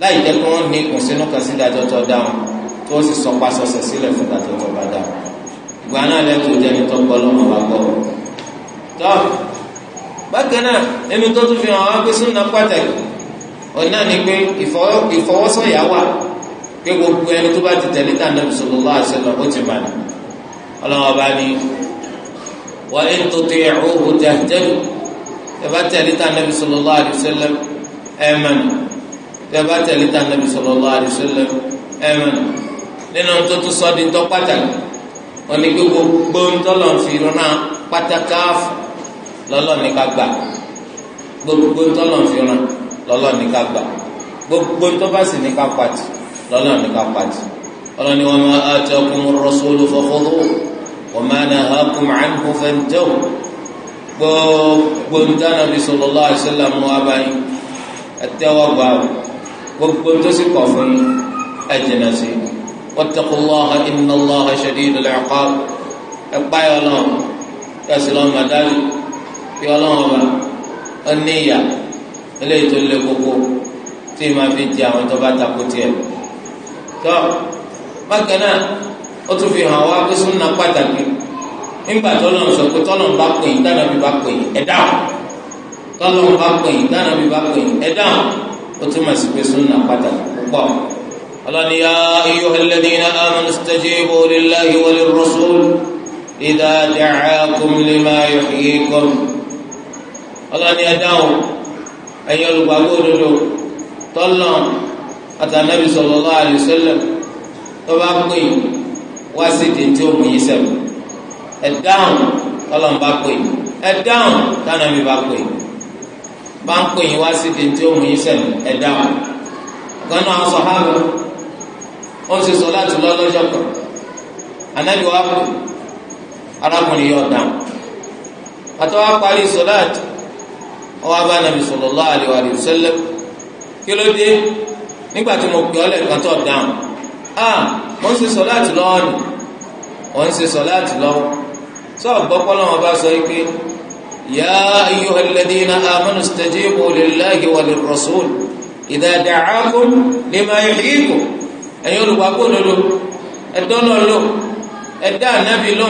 láì jẹ́ pé wọ́n ní ìkùnsínú kan sí ìdájọ́ tó dá wọn tó sì sọ pasọ̀sẹ̀ sílẹ̀ fún ìdájọ́ tó bá dá wọn ìgbà náà lẹ́tọ̀ọ́ jẹ́ ní tọ́gbọ́ lọ́mọ bá gbọ́ wọn. tọ́ bákan náà ẹni tó tún fi hàn wá pé súnà pàtàkì òun náà ni pé ìfọwọ́sọ̀yà wà pé gbogbo ẹni tó bá ti tẹ̀lé tà nàbì sallallahu alaihi wasallam ó ti bàlẹ̀ ọlọ́wọ́ bá ní wa in tuti'uhu tahtadu ẹ̀ tẹ́lifá tẹ̀lé tá nàbì sallallahu alaihi wasallam ẹ̀mẹ́n nínú tó tún sọ di ntọ́ pàtàkì wọn ni gbogbo gbóńtọ́lọ̀ fi rọ́nà pátákáàfù lọ́lọ́ ní ká gbà gbogbo ntọ́lọ̀ fi rọ́nà lọ́lọ́ ní ká gbà gbogbo ntọ́ba sì ní ká pàtì lọ́lọ́ ní ká pàtì ọlọ́ni wa ma atakum ar-rasulu fakhudhuhu wa ma nahakum gbogbo ntọ́lọ̀ fi sallallahu alaihi wasallam mú wa ẹ̀tẹ́wọ́ gbà gbogbo tó sì kọ̀ fún ẹ̀jìnà sí wattaqullaha innallaha shadidul iqab ẹ̀pá yọ lọ́n kẹsì lọ́n màdájú kí ọlọ́run ọba ó ní ìyà eléyìí tó lé gbogbo tí ì máa fi di àwọn tó bá takò tiẹ̀ tó bákan náà ó tún fi hàn wá pé súnà pàtàkì nígbà tọ́lọ́run sọ pé tọ́lọ́run bá pè yín dáná bí bá pè yín ẹ̀ dáhùn bá pè yín dáná bí bá pè yín ẹ̀ ó túmọ̀ sí pé súnà pàtàkì púpọ̀ ọlọ́ni yá ayyuhal ladhina amanu stajibu lillahi wa lirrasul idha da'akum lima yuhyikum ọlọ́ni ẹ̀dáhùn ẹ̀yin olùgbàgbọ́ òdodo tọ́lọ̀ àtànàbì sallallahu alaihi wasallam tó bá pè wá sí dèntí òmù yìí sẹ́wọ̀n ẹ̀dáhùn tọ́lọ̀ ń bá pè ẹ̀dáhùn tánàbì bá pè. bá ń pè yín wá sí di tí ó mú yín sẹ́nu ẹ̀dá wa ha lọ ó ń ṣe sọ láti lọ lọ́jọ́ kan anabi wa kù arákùnrin yóò dáhùn pàtó wa parí sọ láti ọwọ́ abá nàbì sallallahu alaihi wa sallam kí ló dé nígbà tí mo pè ọ́ lẹ́ẹ̀kan tó ah ń ṣe sọ láti lọ́wọ́ ni ń ṣe sọ láti lọ́wọ́ sọ bá sọ yìí يا أيها الذين آمنوا استجيبوا لله وللرسول إذا دعاكم لما يحييكم أيها الوابون له الدون له ẹ̀dá ànábì lọ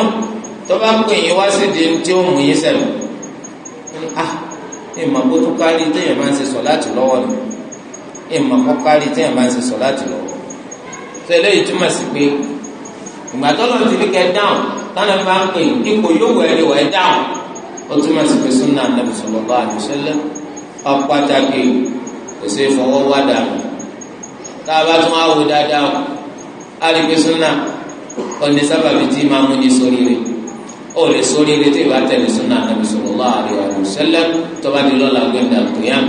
tó bá pè yín wá sí di tí ó mú yín sẹ́nu ah ìmọ̀ kó tó kárí téèyàn máa ń ṣe sọ̀láàtì lọ́wọ́ ni ìmọ̀ kó kárí téèyàn máa ń ṣe sọ̀láàtì lọ́wọ́ tó eléyìí túmọ̀ sí pé ìgbà tó lọ́ọ́ ti fi kẹ́ dáhùn táwọn máa ń pè yín ipò yóò wẹ̀ ẹ̀rí wẹ̀ dáhùn ó túmọ̀ sí pé súnà nàbì sallallahu alaihi wasallam ọ̀pátákì kò sí fọwọ́ wá dànù tá a bá tún á wò dáadáa á rí pé súnà ọ̀nì sábàbí tí máa mú ní sórí rẹ̀ ó lè sórí rẹ̀ tí ìbá tẹ̀lé súnà nàbì sallallahu alaihi wasallam tó bá di lọ́la gbẹ̀dà kìyàm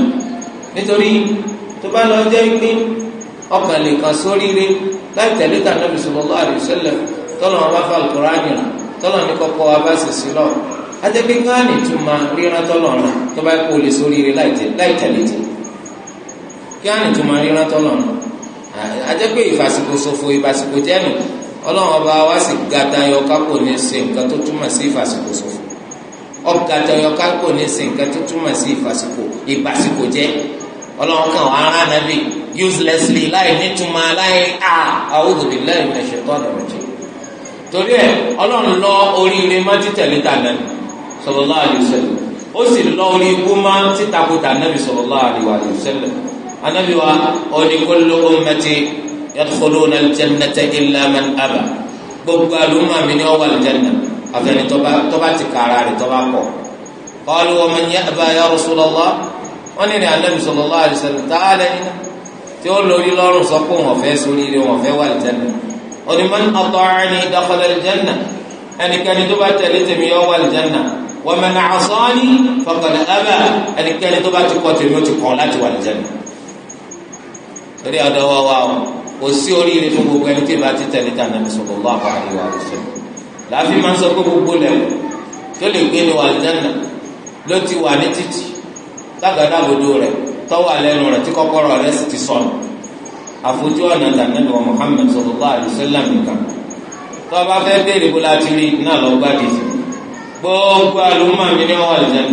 nítorí tó bá lọ jẹ́ pé ọkàn lè kan sórí láì tẹ̀lé tà nàbì sallallahu alaihi tọ́lọ́ wọn bá fà adẹ́gbẹ́ gánì tún ma ríran tọ́lọ̀ náà tó bá kó o lè sórí rẹ láì tẹ̀lé tẹ̀ gánì tún ma ríran tọ́lọ̀ náà adẹ́gbẹ́ ìfàsìkò ṣòfò ìfàsìkò jẹ́nu ọlọ́run ọba wa sì ga tayọ kápò ní ṣe nǹkan tó túmọ̀ sí ìfàsìkò ṣòfò ọ̀gá tayọ kápò ní ṣe nǹkan tó túmọ̀ sí ìfàsìkò ìfàsìkò jẹ́ ọlọ́run kan wà nàbí uselessly láì nítumọ̀ láì à a'udhu billahi minash shaitani rajim torí ẹ ọlọ́run lọ oríire má títẹ̀lé tà sallallahu alayhi wa sallam ó sì lọ orí ikú máa ń títakùtà anabi sallallahu alayhi wa sallam anabi wa ọdí kullu ummati yadkhuluna al-jannata illa man aba gbogbo àlùmọ mi ni ọwọ aljanna àfẹni tọba ti kàrà rẹ tọba kọ qalu wa man ya'ba ya rasulallah wọn ní ní anabi sallallahu alayhi wa sallam tààlẹ yìí tí ó lórí lọrùn sọ pé wọn fẹ́ sórí rẹ wọn fẹ́ wà aljanna wọn ni man ata'ani dakhala aljanna tó bá tẹ̀lé tèmi yọ wà aljanna wa man asani faqad aba ẹnikẹ́ni tó bá ti kọ̀ tèmi ó ti kọ̀ láti wà lìjẹ́nu torí ọ̀dọ̀ wa wa o kò sí oríire fún gbogbo ẹni tí ìbá ti tẹ̀lé tà nàbì sallallahu alaihi wa sallam láàfin máa ń sọ pé gbogbo lẹ́wọ̀ tó lè gbé ni wà lìjẹ́nu ló ti wà ní títì lágbàdá àbòdo rẹ̀ tọ́wọ́ àlẹ́nu rẹ̀ tí kọ́kọ́rọ́ rẹ̀ sì ti sọnù àfojú ọ̀nà gbogbo àlùmọ́ mi ní ọwọ́ àlùjáde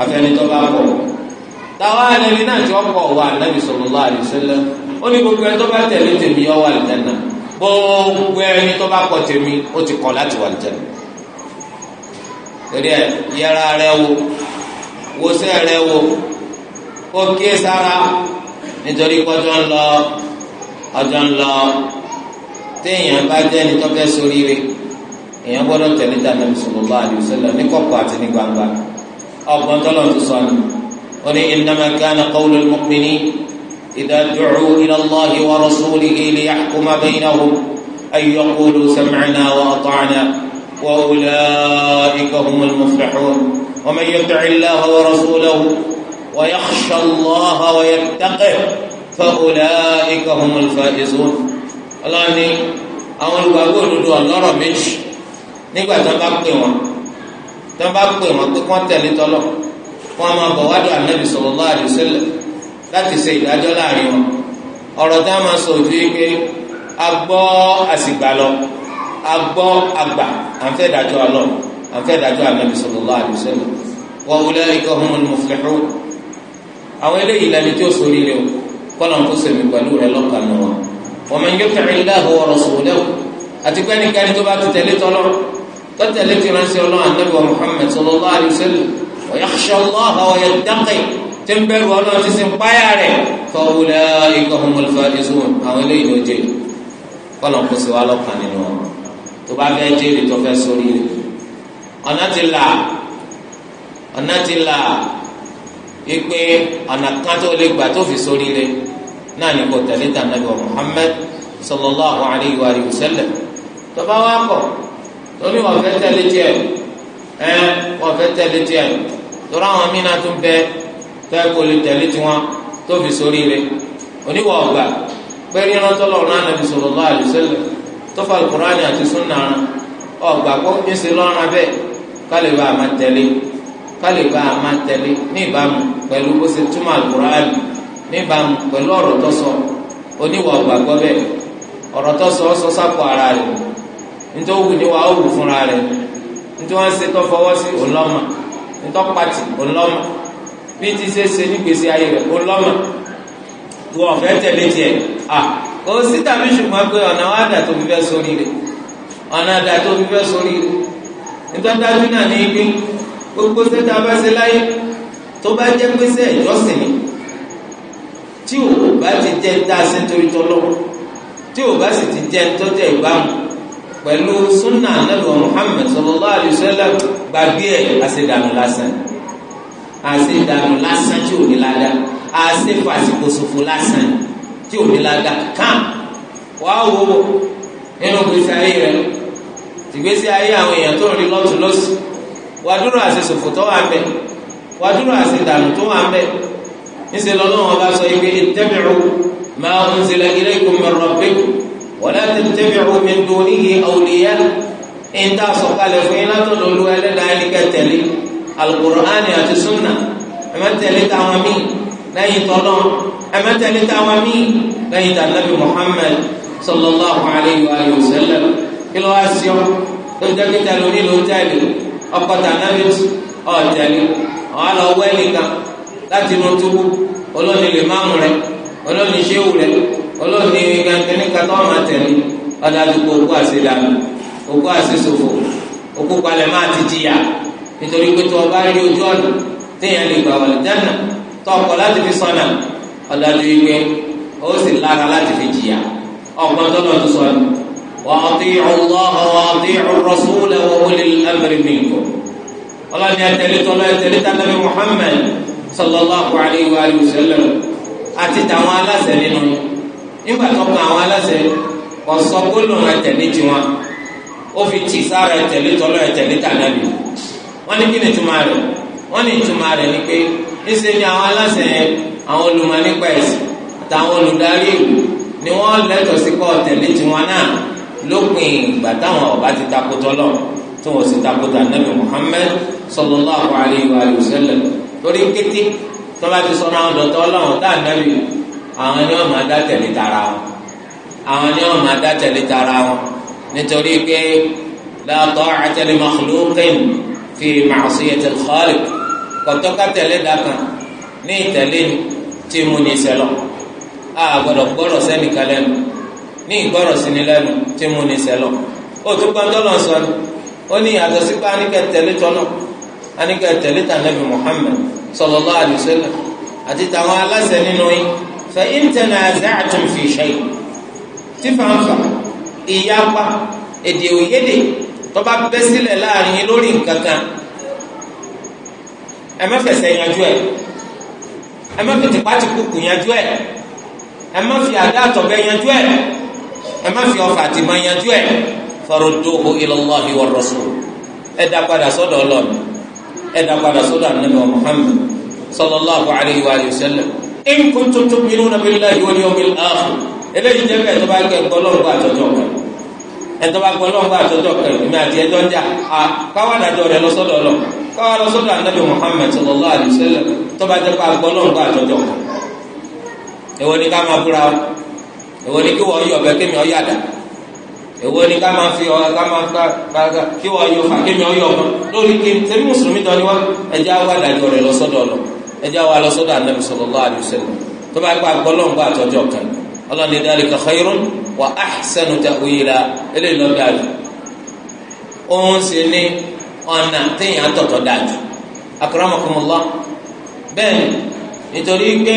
àfẹnitọ́ bá pọ̀ táwa ẹni náà tí wọ́n pọ̀ wà nábì sallallahu alaihi wasallam ó ní gbogbo ẹni tó bá tẹ̀lé tèmi ọwọ́ àlùjáde gbogbo ẹni tó bá kọ tèmi ó ti kọ̀ láti wà àlùjáde torí ẹ yẹra rẹ wo wosẹ́ rẹ wo kó kíé sára nítorí kọjọ́ ń ọjọ́ ń téèyàn bá jẹ́ ẹni tó fẹ́ ṣoríire èèyàn gbọ́dọ̀ tẹ̀lé tàbí mùsùlùmá àdìsọlọ ní kọ̀kọ̀ àti ní gbangba ọgbọn tọlọ tó sọ ni ó ní innama kana qawlul mu'minin idha du'u ila Allahi wa rasulihi liyahkuma baynahum an yaqulu sami'na wa ata'na wa ulaika humul muflihun wa man yuti'i Allaha wa rasulahu wa yakhsha Allaha wa yattaqih fa ulaika ọlọ́ni àwọn olùgbàgbọ́ òdodo ọ̀lọ́rọ̀ méjì nígbà tí wọ́n bá pè wọ́n tí wọ́n bá pè wọ́n pé kí wọ́n tẹ̀lé tọ́lọ̀ kí wọ́n máa bọ̀ wádùn ànábì sallallahu alaihi wasallam láti ṣe ìdájọ́ láàrin wọn ọ̀rọ̀ tá a máa sọ ojú pé a gbọ́ àsìgbà lọ a gbọ́ àgbà à ń fẹ́ dájọ́ àlọ́ à ń fẹ́ dájọ́ ànábì sallallahu alaihi wasallam wa ulaika humul muflihun àwọn eléyìí lẹni tí ó sọ oríire o kọ́nà kó sèmi pẹ̀lú rẹ lọ́kàn náà wọ́n máa ń yọ kẹrin láàbọ̀ tọ́tẹ̀lé ti ránṣẹ́ ọlọ́run anábì wa Muhammad sallallahu alayhi wa sallam wa yakhsha Allah wa yattaqi tí ń bẹ̀rù ọlọ́run ti sin páyà rẹ̀ fa ulaika humul faizun àwọn eléyìí ló jẹ́ kọ́lọ̀ kó sì wá lọ́kàn nínú wọn tó bá fẹ́ jẹ́ èrè tó sórí rẹ̀ ọ̀nà ti là ọ̀nà ti là ipe ọ̀nà kan tó lè gbà tó fi sórí rẹ̀ náà ní kò tẹ̀lé tànàbì wa Muhammad sallallahu alayhi wa sallam tó bá wá pọ̀ torí wọ́n fẹ́ tẹ̀lé tiẹ̀ ẹ wọ́n fẹ́ tẹ̀lé tiẹ̀ torí àwọn mìíràn tún bẹ tẹ́ kó lè tẹ̀lé tiwọn tó sórí rẹ̀ oníwọ̀ ọ̀gbà pẹ́ẹ́rì rántọ́lọ̀ rán Ànábì sallallahu alaihi wasallam tó qurani àti súnà rán ọ̀gbà kó ń ṣe lọ́rùn abẹ́ kálí bá a máa tẹ̀lé kálí bá a máa tẹ̀lé ní ìbámu pẹ̀lú bó ṣe túmọ̀ Al-Qur'ani ní ìbámu pẹ̀lú ọ̀rọ̀ tó sọ oníwọ̀ ọ̀gbà gbọ́ bẹ́ẹ̀ ọ̀rọ̀ sápò ara rẹ̀ ntọ́ wù ní wàá wù fúnra rẹ̀ ntọ́ wọn ṣe tọ́ fọwọ́ sí ọlọ́mà ntọ́ pati ọlọ́mà bí ti ṣe ṣe nígbèsè ayé rẹ̀ ọlọ́mà wọ ọ̀fẹ́ tẹ̀lé tiẹ̀ à kò sí tàbí ṣùgbọ́n pé ọ̀nà wa dà tó fi fẹ́ sórí rẹ̀ ọ̀nà dà tó fi fẹ́ sórí rẹ̀ ntọ́ dájú náà ní ibi gbogbo sẹ́ta bá ṣe láyé tó bá jẹ́ pé sẹ́ ìjọsìn ni tí ò bá ti jẹ́ dáa sí nítorí tọ́lọ́ tí ò bá sì ti jẹ́ tọ́jẹ́ ìbámu pẹ̀lú sunna anabiwa muhammed sallallahu alayhi wa sallam gbàgbé ẹ̀ àṣedànù lásán àṣedànù lásán tí ò ní ládàá àṣefàṣìkòṣòfò lásán tí ò ní ládàá kàn wá wò ó nínú gbèsè ayé rẹ tìgbèsè ayé àwọn èèyàn tó ń rí lọ́tún lọ́sùn wàdúrò àṣeṣòfò tó wà mẹ́ wàdúrò àṣedànù tó wà mẹ́ ńṣe lọ́lọ́wọ́n bá sọ ibi ittabi'u ma unzila ilaykum min rabbikum wala tattabi'u min dunihi awliya ń tà sọ̀kalẹ̀ fún yín látọ̀dọ̀ olú ẹlẹ́dàá ẹni kẹ́ tẹ̀lé alukur'ani àti sunna ẹ má tẹ̀lé táwọn míì lẹ́yìn tọ́lọ́ ẹ má tẹ̀lé táwọn míì lẹ́yìn tànàbí Muhammad sallallahu alayhi wa sallam kí ló wá sí ọ tó ń dẹ́kítà lórí ló tẹ̀lé ọkọ̀ tànàbí ọ̀ tẹ̀lé ọ̀ á lọ wẹ́ẹ̀lì kan láti inú túbú olóni lè máàmù rẹ olóni ṣéwù rẹ olóòní gàǹkìní kàtọ́ ọmọ tẹ̀lé ọ̀dàdú kó okú àṣedàmì okú àṣesòfò okú palẹ̀ máa ti jìyà nítorí pé tó o bá rí ojú ọ̀nà téèyàn lè gbà wọlé dáná tó ọkọ̀ láti fi sọnà ọ̀dàdú ìwé ó sì lára láti fi jìyà ọ̀gbọ́n tó lọ́ọ́ tó sọnù wà á ti ọlọ́ wà á ti rọ̀ṣúlẹ̀ wà ó lè lábẹ́rẹ́ mìíràn ọlọ́ni ẹ̀tẹ̀lé tọ́lọ́ nígbà tó kan àwọn aláṣẹ ọ̀sọ́ gbólóhùn ẹ̀tẹ̀lé tiwọn ó fi tì sára ẹ̀tẹ̀lé tọ́lọ́ ẹ̀tẹ̀lé tànàbì wọ́n ní kí ni ìtumọ̀ rẹ̀ wọ́n ní ìtumọ̀ rẹ̀ ni pé níṣẹ́ ni àwọn aláṣẹ àwọn olùmọ̀ nípa ẹ̀sìn àtàwọn olùdarí ìlú ni wọ́n lẹ́tọ̀ọ́ sí kọ́ tẹ̀lé tiwọn náà lópin ìgbà táwọn ọba ti takotọ́ lọ tí wọ́n sì takotọ́ ànábì Muhammad sallallahu alayhi wa sallam torí kété tọ́lá ti sọ náà dọ̀tọ́ ọlọ́run tá ànábì àwọn ni wọn máa dá tẹ̀lé tara wọn àwọn ni wọn máa dá tẹ̀lé tara wọn nítorí pé la ta'ata li makhluqin fi ma'siyati al-khaliq kọ̀tọ́ka tẹ̀lé dàkan ní ìtẹ̀lé tí mo ní sẹ́lọ̀ a gbọ́dọ̀ gbọ́dọ̀ sẹ́nìkan lẹ́nu ní ìgbọ́dọ̀ sínú lẹ́nu tí mo ní sẹ́lọ̀ o tún gbọ́n tọ́lọ̀ sọ ni ó ní yàtọ̀ sípò anìkẹ́ tẹ̀lé tọ́lọ̀ anìkẹ́ tẹ̀lé tànàbì Muhammad sallallahu alaihi àti tàwọn aláṣẹ nínú yín fa in tanaza'tum fi shay tí fanfa ìyapa èdè òyédè tó bá bẹ́ sílẹ̀ láàrin yín lórí nǹkan kan ẹ má fẹsẹ̀ yanjú ẹ̀ ẹ má fi tìpátìkùkù yanjú ẹ̀ ẹ má fi àdá àtọ̀bẹ yanjú ẹ̀ ẹ má fi ọfà àtìmọ̀ yanjú ẹ̀ farudduhu ila Allahi war rasul ẹ dá padà sọ́dọ̀ Ọlọ́run ẹ dá padà sọ́dọ̀ Ànábì Muhammad sallallahu alayhi wa sallam in kuntum tu'minuna billahi wal yawmil akhir eléyìí jẹ́ bẹ́ẹ̀ tó bá kẹ́ gbọ́lọ́ngbọ́ àtọ́jọ́ kan ẹ̀tọ́ bá gbọ́lọ́ngbọ́ àtọ́jọ́ kan èmi àti ẹjọ́ ń jà á káwá dàjọ́ rẹ̀ lọ́sọ́dọ̀ lọ káwá lọ́sọ́dọ̀ ànábì Muhammad sallallahu alaihi wasallam tó bá jẹ́ pé gbọ́lọ́ngbọ́ àtọ́jọ́ kan ni ká máa búra o èwo ni kí wọ́n yọ ọ̀bẹ kémi ọ yàdá èwo ni ká máa fi ọ ká máa ká kí wọ́n yọ fà kémi ọ yọ ọmọ lórí kí n mùsùlùmí tọ́ ni wá ẹjẹ́ á wá dàjọ́ rẹ̀ lọ́sọ́dọ̀ lọ ẹjẹ́ wa lọ sọ́dọ̀ anabi sallallahu alaihi wasallam tó bá gba gbọ́lọ́n gba àtọ́jọ́ kan ọlọ́ni dhalika khayrun wa ahsanu ta'wila eléyìí lọ dájú òun sì ní ọ̀nà téèyàn tọ̀tọ̀ dájú akramakumullah bẹ́ẹ̀ nítorí pé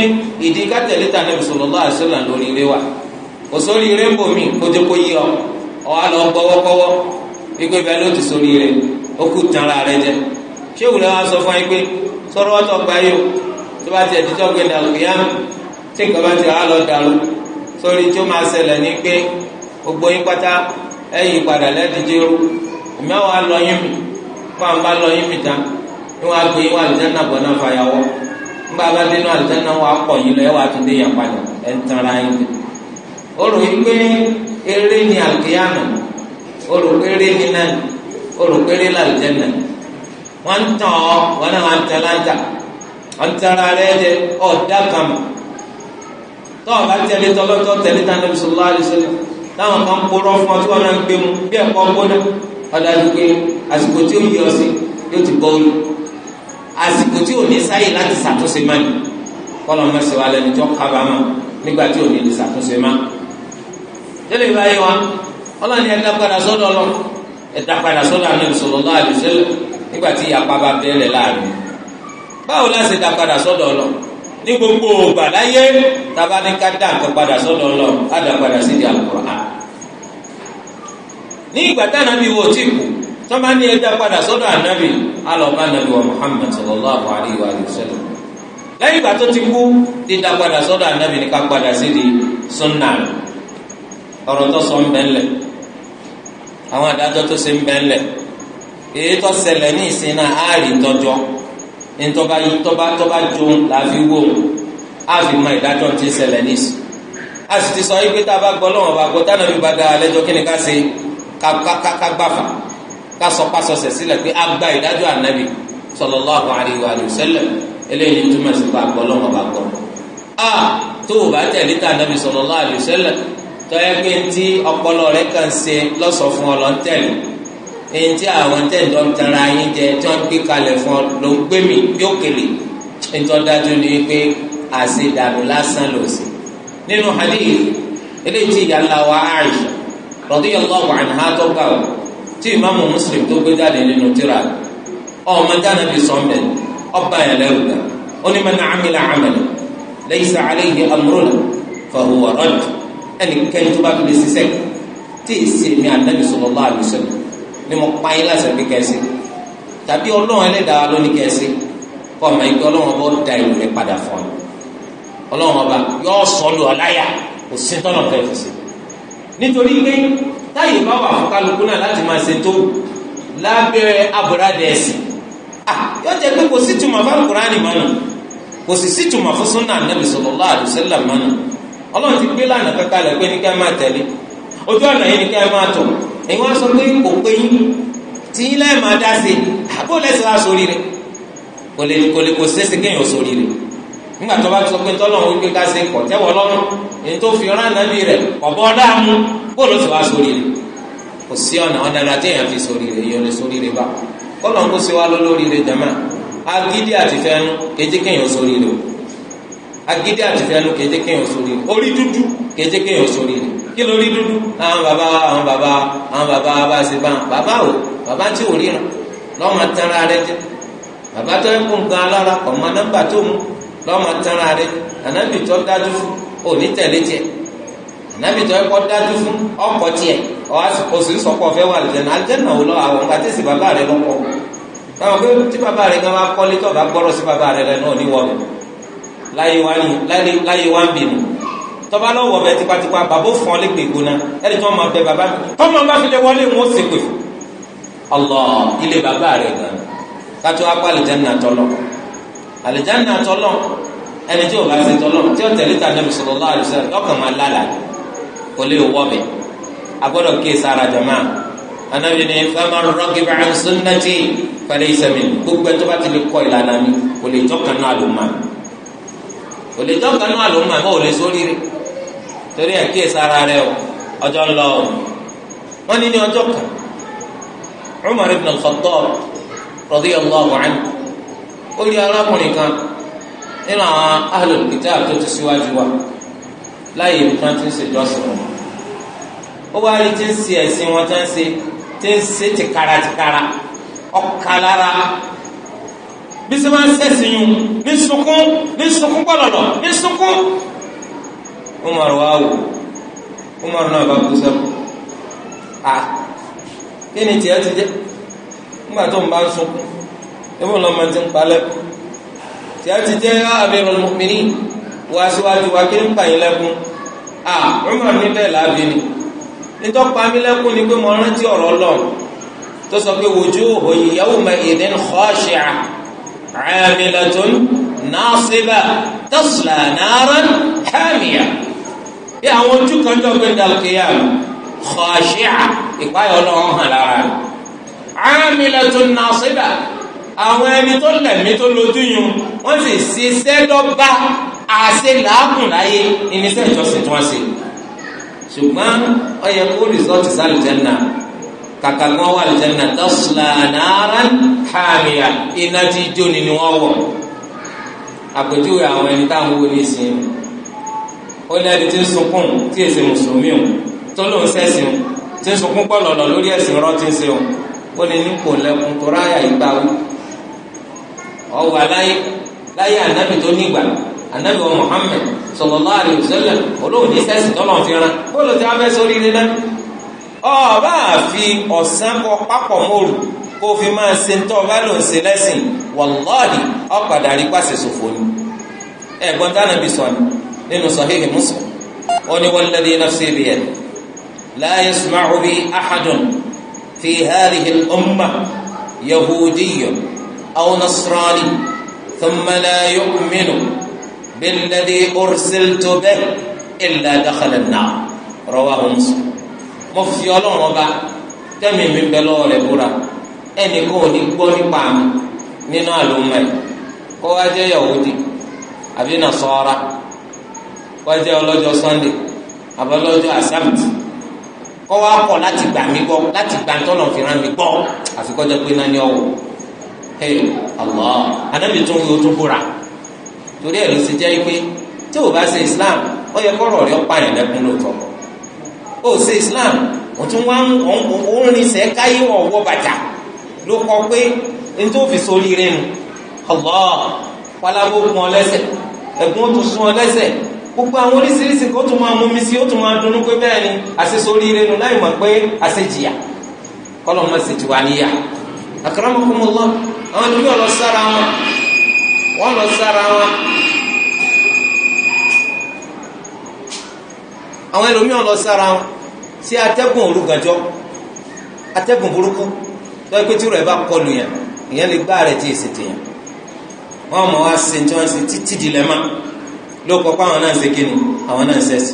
ìdí kátẹ̀lé ta anabi sallallahu alaihi wasallam lórí ilé wa kò sórí ilé ń bò mí kójó kó yí ọ ọ á lọ gbọ́wọ́gbọ́wọ́ sọ̀rọ̀ wọ́n tó gba yìí o tó bá ti ẹ̀díjọ́ gbé dàrú yá tí nǹkan bá ti wà lọ dàrú sórí tí ó máa ṣẹlẹ̀ ní pé gbogbo yín pátá padà o mẹ́wàá lọ yín mi fún àwọn bá lọ yín mi ní bọ̀ náà fàyàwọ́ bá yín lọ tún dé padà ń yín o rò yín pé eré ni o rò wọ́n ń tàn ọ́ wọ́n náà wọ́n ń tẹ láńtà wọ́n ń tẹ́ra rẹ jẹ ọ̀dà kan mọ̀ tọ́ ọ̀bá tẹ̀lé tọ́lọ́tọ́ tẹ̀lé bisalòlá àdìsẹ́lẹ̀ táwọn kan kúrọ́ fún ọ tí wọ́n náà ń gbé mu bí ẹ̀kọ́ gbóná ọ̀dà àdìgbé àsìkò tí ó yí ọ sí yóò ti bọ́ olú àsìkò tí ò ní sáyè láti ṣàtúnṣe má ni kọ́lọ́ máa ṣe wá lẹ́nu tó kábàámọ̀ nígbà tí ò ní lè ṣàtúnṣe má. tẹ́lẹ̀ ìbáyé wa ọlọ́ni ẹ̀dá padà sọ́dọ̀ lọ ẹ̀dá padà sọ́dọ̀ àná bisalòlá àdìsẹ́lẹ̀ nígbà tí apá bá bẹ́ẹ̀lẹ̀ láàrin báwo la ṣe dá padà sọ́dọ̀ lọ ní gbogbo ògbà láyé tábà ní ká dá nǹkan padà sọ́dọ̀ lọ á dá padà sí di Al-Qur'an ní ìgbà tá ànábì wo tí kù tó bá ní ẹja padà sọ́dọ̀ ànábì á lọ wa Muhammad sallallahu alayhi wa sallam lẹ́yìn ìgbà tó ti kú dídá padà sọ́dọ̀ ànábì ní ká padà sí di sunna ọ̀rọ̀ tó sọ ń bẹ́ńlẹ̀ àwọn adájọ́ tó ṣe ń bẹ́ńlẹ̀ èyí tó ṣẹlẹ̀ ní ìsìn náà á rí tọ́jọ́ ntọ́ba yìí tọ́ba tọ́ba jòun làáfi wò á fi mọ ìdájọ́ ti ṣẹlẹ̀ ní ìsìn a sì ti sọ yìí pé tá a bá gbọ́ lọ́wọ́ bá gbọ́ dáná bí gbada lẹ́jọ́ kí ni ká ṣe ká gbàfà ká sọ pásọsẹ̀ sílẹ̀ pé a gba ìdájọ́ ànábì sallallahu alaihi wa sallam eléyìí ní túmọ̀ sí pé a gbọ́ lọ́wọ́ bá gbọ́ a tó o bá tẹ̀lé tá ànábì sallallahu alaihi wa sallam tọ́yẹ́ pé ntí ọpọlọ rẹ̀ kàn ṣe lọ́sọ̀ fún ọ lọ́ntẹ̀lẹ̀ ẹni tí àwọn tẹ̀dọ̀ ń tara yín jẹ tí wọ́n gbé kalẹ̀ fún ọ ló ń gbé mi yóò kéré ẹni tó dájú ni pé àṣedànù lásán ló sì. nínú hadith eléyìí tí ìyá ńlá wa Aisha radiyallahu anha tó gbà wá tí ìmáàmù Muslim tó gbé jáde nínú tírà ọmọ dáná bíi sọ́mbẹ̀ ọba yẹn lẹ́rù gbà ó ní man amila amalan laysa alayhi amruna fahuwa radd ẹnikẹ́ni tó lè ṣiṣẹ́ tí ì ni mo pa yín láṣẹ pé kẹsí tàbí ọlọ́run ẹlẹ́dàá ló ní kẹsí kọ́ ọmọ yìí ọlọ́run ọba da ìlú rẹ padà fún ọ ọlọ́run ọba yóò sọ lù ọ láyà kò sí tọ́nà fẹ́ fi sí nítorí pé táyì bá wà fún kálukú náà láti máa ṣe tó lábẹ́ àbúradà ẹ̀sìn yóò jẹ́ pé kò sí tùmọ̀ fún Kùránì mọ́nà kò sì sí tùmọ̀ fún súnà Ànábì sallallahu alaihi wasallam mọ́nà ọlọ́run ti gbé lánàá kankan lẹ́gbẹ́ ní ká máa tẹ̀lé ojú ọ̀nà yìí ní ká máa tọ̀ ẹ̀yin wá sọ pé kò pé yín tí yín láì máa dá sí i àbó lẹ́sẹ̀ wá sórí rẹ̀ kò lè kò lè kò sẹ́sẹ̀ kéèyàn sórí rẹ̀ nígbà tó bá sọ pé tọ́lọ́run wípé ká ṣe kọ̀ tẹ́wọ̀ lọ́rùn èyí tó fi ọ̀rá nàbí rẹ̀ ọ̀bọ̀ dáàmú bó ló sì wá sórí rẹ̀ kò sí ọ̀nà ọ̀nà ara téèyàn fi sórí rẹ̀ èyí ò lè sórí rẹ̀ bá kọ́lọ́n kó ṣe lọ lórí rẹ̀ jàmá agídí àti fẹ́nu kéèyàn sórí rẹ̀ o agídí àti fẹnu kéde kéèyàn sórí rẹ orí dúdú kéde kéèyàn sórí rẹ kí lórí dúdú àwọn bàbá àwọn bàbá àwọn bàbá bá ṣe bá bàbá o bàbá tí ò ríran lọ́mọ tẹ́ra rẹ jẹ bàbá tó ń kó nǹkan alára ọmọ nọ́mbà tó mú lọ́mọ tẹ́ra rẹ ànábì tó dájú fún òní tẹ̀lé tiẹ̀ ànábì tó ẹ̀kọ́ dájú fún ọkọ̀ tiẹ̀ oṣù sọ̀kọ̀ fẹ́ wà lẹ́nu alẹ́nà wò lọ́wọ́ àwọn nǹkan tẹ̀sí bàbá rẹ lọ́kọ̀ táwọn pé tí bàbá rẹ gan wa kọ́lé tó bá gbọ́rọ̀ sí bàbá rẹ lẹ́nu òní wọ́ọ̀lù láyé wá ń bì nù tọ́ba lọ́wọ́ bẹ tipatipa bàbá fún ọ lẹ́gbẹ̀ẹ́ gbóná ẹni tí wọ́n máa bẹ bàbá mi tọ́mọ bá fi lè wọlé wọn ó sì pè Allah ilé bàbá rẹ̀ gan kátó apá àlìjáná tọ́lọ̀ àlìjáná tọ́lọ̀ ẹni tí o bá ṣe tọ́lọ̀ tí o tẹ̀lé ta Nabi sallallahu alaihi wasallam lọ́kàn máa lálàá kò lè wọ́ bẹ̀ agbọ́dọ̀ kí ara jama anabi ni faman ragiba an sunnati falaysa minni gbogbo ẹ̀ tó ti lè kọ́ ìlànà mi kò lè jọ́ kanú kò lè tọ́ka nínú àlùmọ́ àmọ́ ò lè sórí rẹ̀ torí ẹ̀ kíyèsí ara rẹ̀ o ọjọ́ lọ o wọ́n ní ní ọjọ́ kan Umar ibn al-Khattab radiyallahu anhu ó rí arákùnrin kan nínú àwọn ahlul tó ti síwájú wa láyé nǹkan tí ń ṣe jọ́sìn wọn ó wá rí tí ń ṣe ẹ̀sìn wọn tó ń ṣe tí ń ṣe tìkara tìkara ọ̀kalára bí sẹ́ máa ń sẹ́sìn yún ní sunkún ní sunkún gbọ́dọ̀lọ̀ ní sunkún. Umar wa wò Umar náà bá kú sẹ́kù à kí ni tiẹ̀ ti jẹ́ nígbà tó ń bá ń sunkún ebó lọ́ máa ti ń palẹ̀ tiẹ̀ ti jẹ́ Amirul Mu'minin wá síwájú wa kí ń pààyàn lẹ́kún à Umar níbẹ̀ làbí ni nítọ́pọ̀ amílẹ́kùn ni pé mo rántí ọ̀rọ̀ lọ tó sọ pé wujuhu yawma idhin khashi'ah. عاملة ناصبة tásìlà náírán حامية يا àwọn ojú عند jọ خاشعة dàlùkìyà khashi'a ìpáyọ̀ عاملة ناصبة lára rẹ̀ àmìlẹ̀tún násìbà àwọn ẹni tó lẹ̀mí tó lójú yun wọ́n sì ṣiṣẹ́ dọ́gba àṣẹ làákùn láyé ìníṣẹ́ ìjọsìn tí wọ́n ṣùgbọ́n ó yẹ kó rìsọ́ọ̀tì sálùjẹ́ náà kàkà kí wọ́n wà lìjẹ́nà tasla naran hamiya iná tí jóni ni wọ́n wọ̀ àpèjúwe àwọn ẹni tá à ń wo ní ìsìn ó ní ẹni tí ń sunkún tí èsì mùsùlùmí o tó lóun sẹ́sìn o tí ń sunkún pọ̀ lọ̀lọ̀ lórí ẹ̀sìn rọ́ ń se o ó ní nípò lẹ́kùn tó ráyà ìgbà wí ọwọ́ aláyé láyé ànábì tó nígbà ànábì wa Muhammad sallallahu alaihi wasallam olóhùn ní sẹ́sìn tó lọ́n fi ran bó ló ti á sórí ilé náà ọba àfi ọ̀sán kọ pápọ̀ mọ́rù kó fi máa ṣe tọ́ ọba ló ń ṣe lẹ́sìn wàlọ́ọ̀dì ọ̀padà rí pàṣẹ ṣòfò ni ẹ̀gbọ́n dáná bí sọ ni nínú Sahih Muslim ó ní walladhi nafsi biyadi la yasma'u bi ahadun fi hadhihi al-ummah yahudiyyun aw nasrani thumma la yu'minu billadhi ursiltu bihi illa dakhala an-nar rawahu Muslim mo fi ọlọ́run ọba tẹ́mi mi bẹ lọ́wọ́ rẹ̀ búra ẹnì kan ò ní gbọ́ nípa mi nínú àlùmọ́ ẹ̀ kó wá jẹ́ Yahudi àbí Nasara kó wá jẹ́ ọlọ́jọ́ Sunday àbí ọlọ́jọ́ àsámùtì kó wá kọ̀ láti gbà mí gbọ́ láti gbà tọ́lọ̀ fi rán mi gbọ́ àfikọ́jọ́ pé náà ní ọ̀wọ́ hey Allah anábì tó ń lo tó búra torí ẹ̀ ló ti jẹ́ pé tí o bá ṣe Islam ó yẹ kó rọ̀ rí ọ̀pá yẹn lẹ́kún lóòótọ́ ó oh, ṣe islam ó tún wá ń rìn sẹ́ káyé ọ̀wọ́ bàtà ló kọ pé n tó fi sórí rẹ Allah pálábó gun ọ lẹ́sẹ̀ ẹ̀gbọ́n tó sún ọ lẹ́sẹ̀ gbogbo àwọn oríṣiríṣi kó tún máa mú sí ó tún máa dunnú pé bẹ́ẹ̀ ni àṣesórí rẹ nu láì mọ̀ pé àṣejìyà kọ́lọ́ mọ̀ sí tiwa níyà akramakumullah àwọn ìdílé ọ̀lọ́sára wọn wọ́n lọ sára àwọn ẹlòmíràn lọ sára wọn sí atẹ́gùn òrùgànjọ́ atẹ́gùn burúkú lọ́wọ́ pé tí rẹ̀ bá kọlù yẹn ìyẹn lè gbá rẹ̀ tí èsì tèèyàn wọ́n mọ̀ wá ṣe tí wọ́n ṣe títí dìlẹ̀ mọ́ ló kọ́ pé àwọn náà ṣe kíni àwọn náà ṣe sí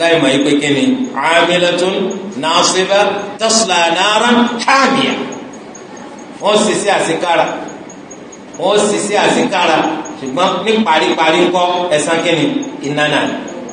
láì mọ̀ yìí pé kíni amilatun nasiba tasla naran hamiya wọ́n sì sí wọ́n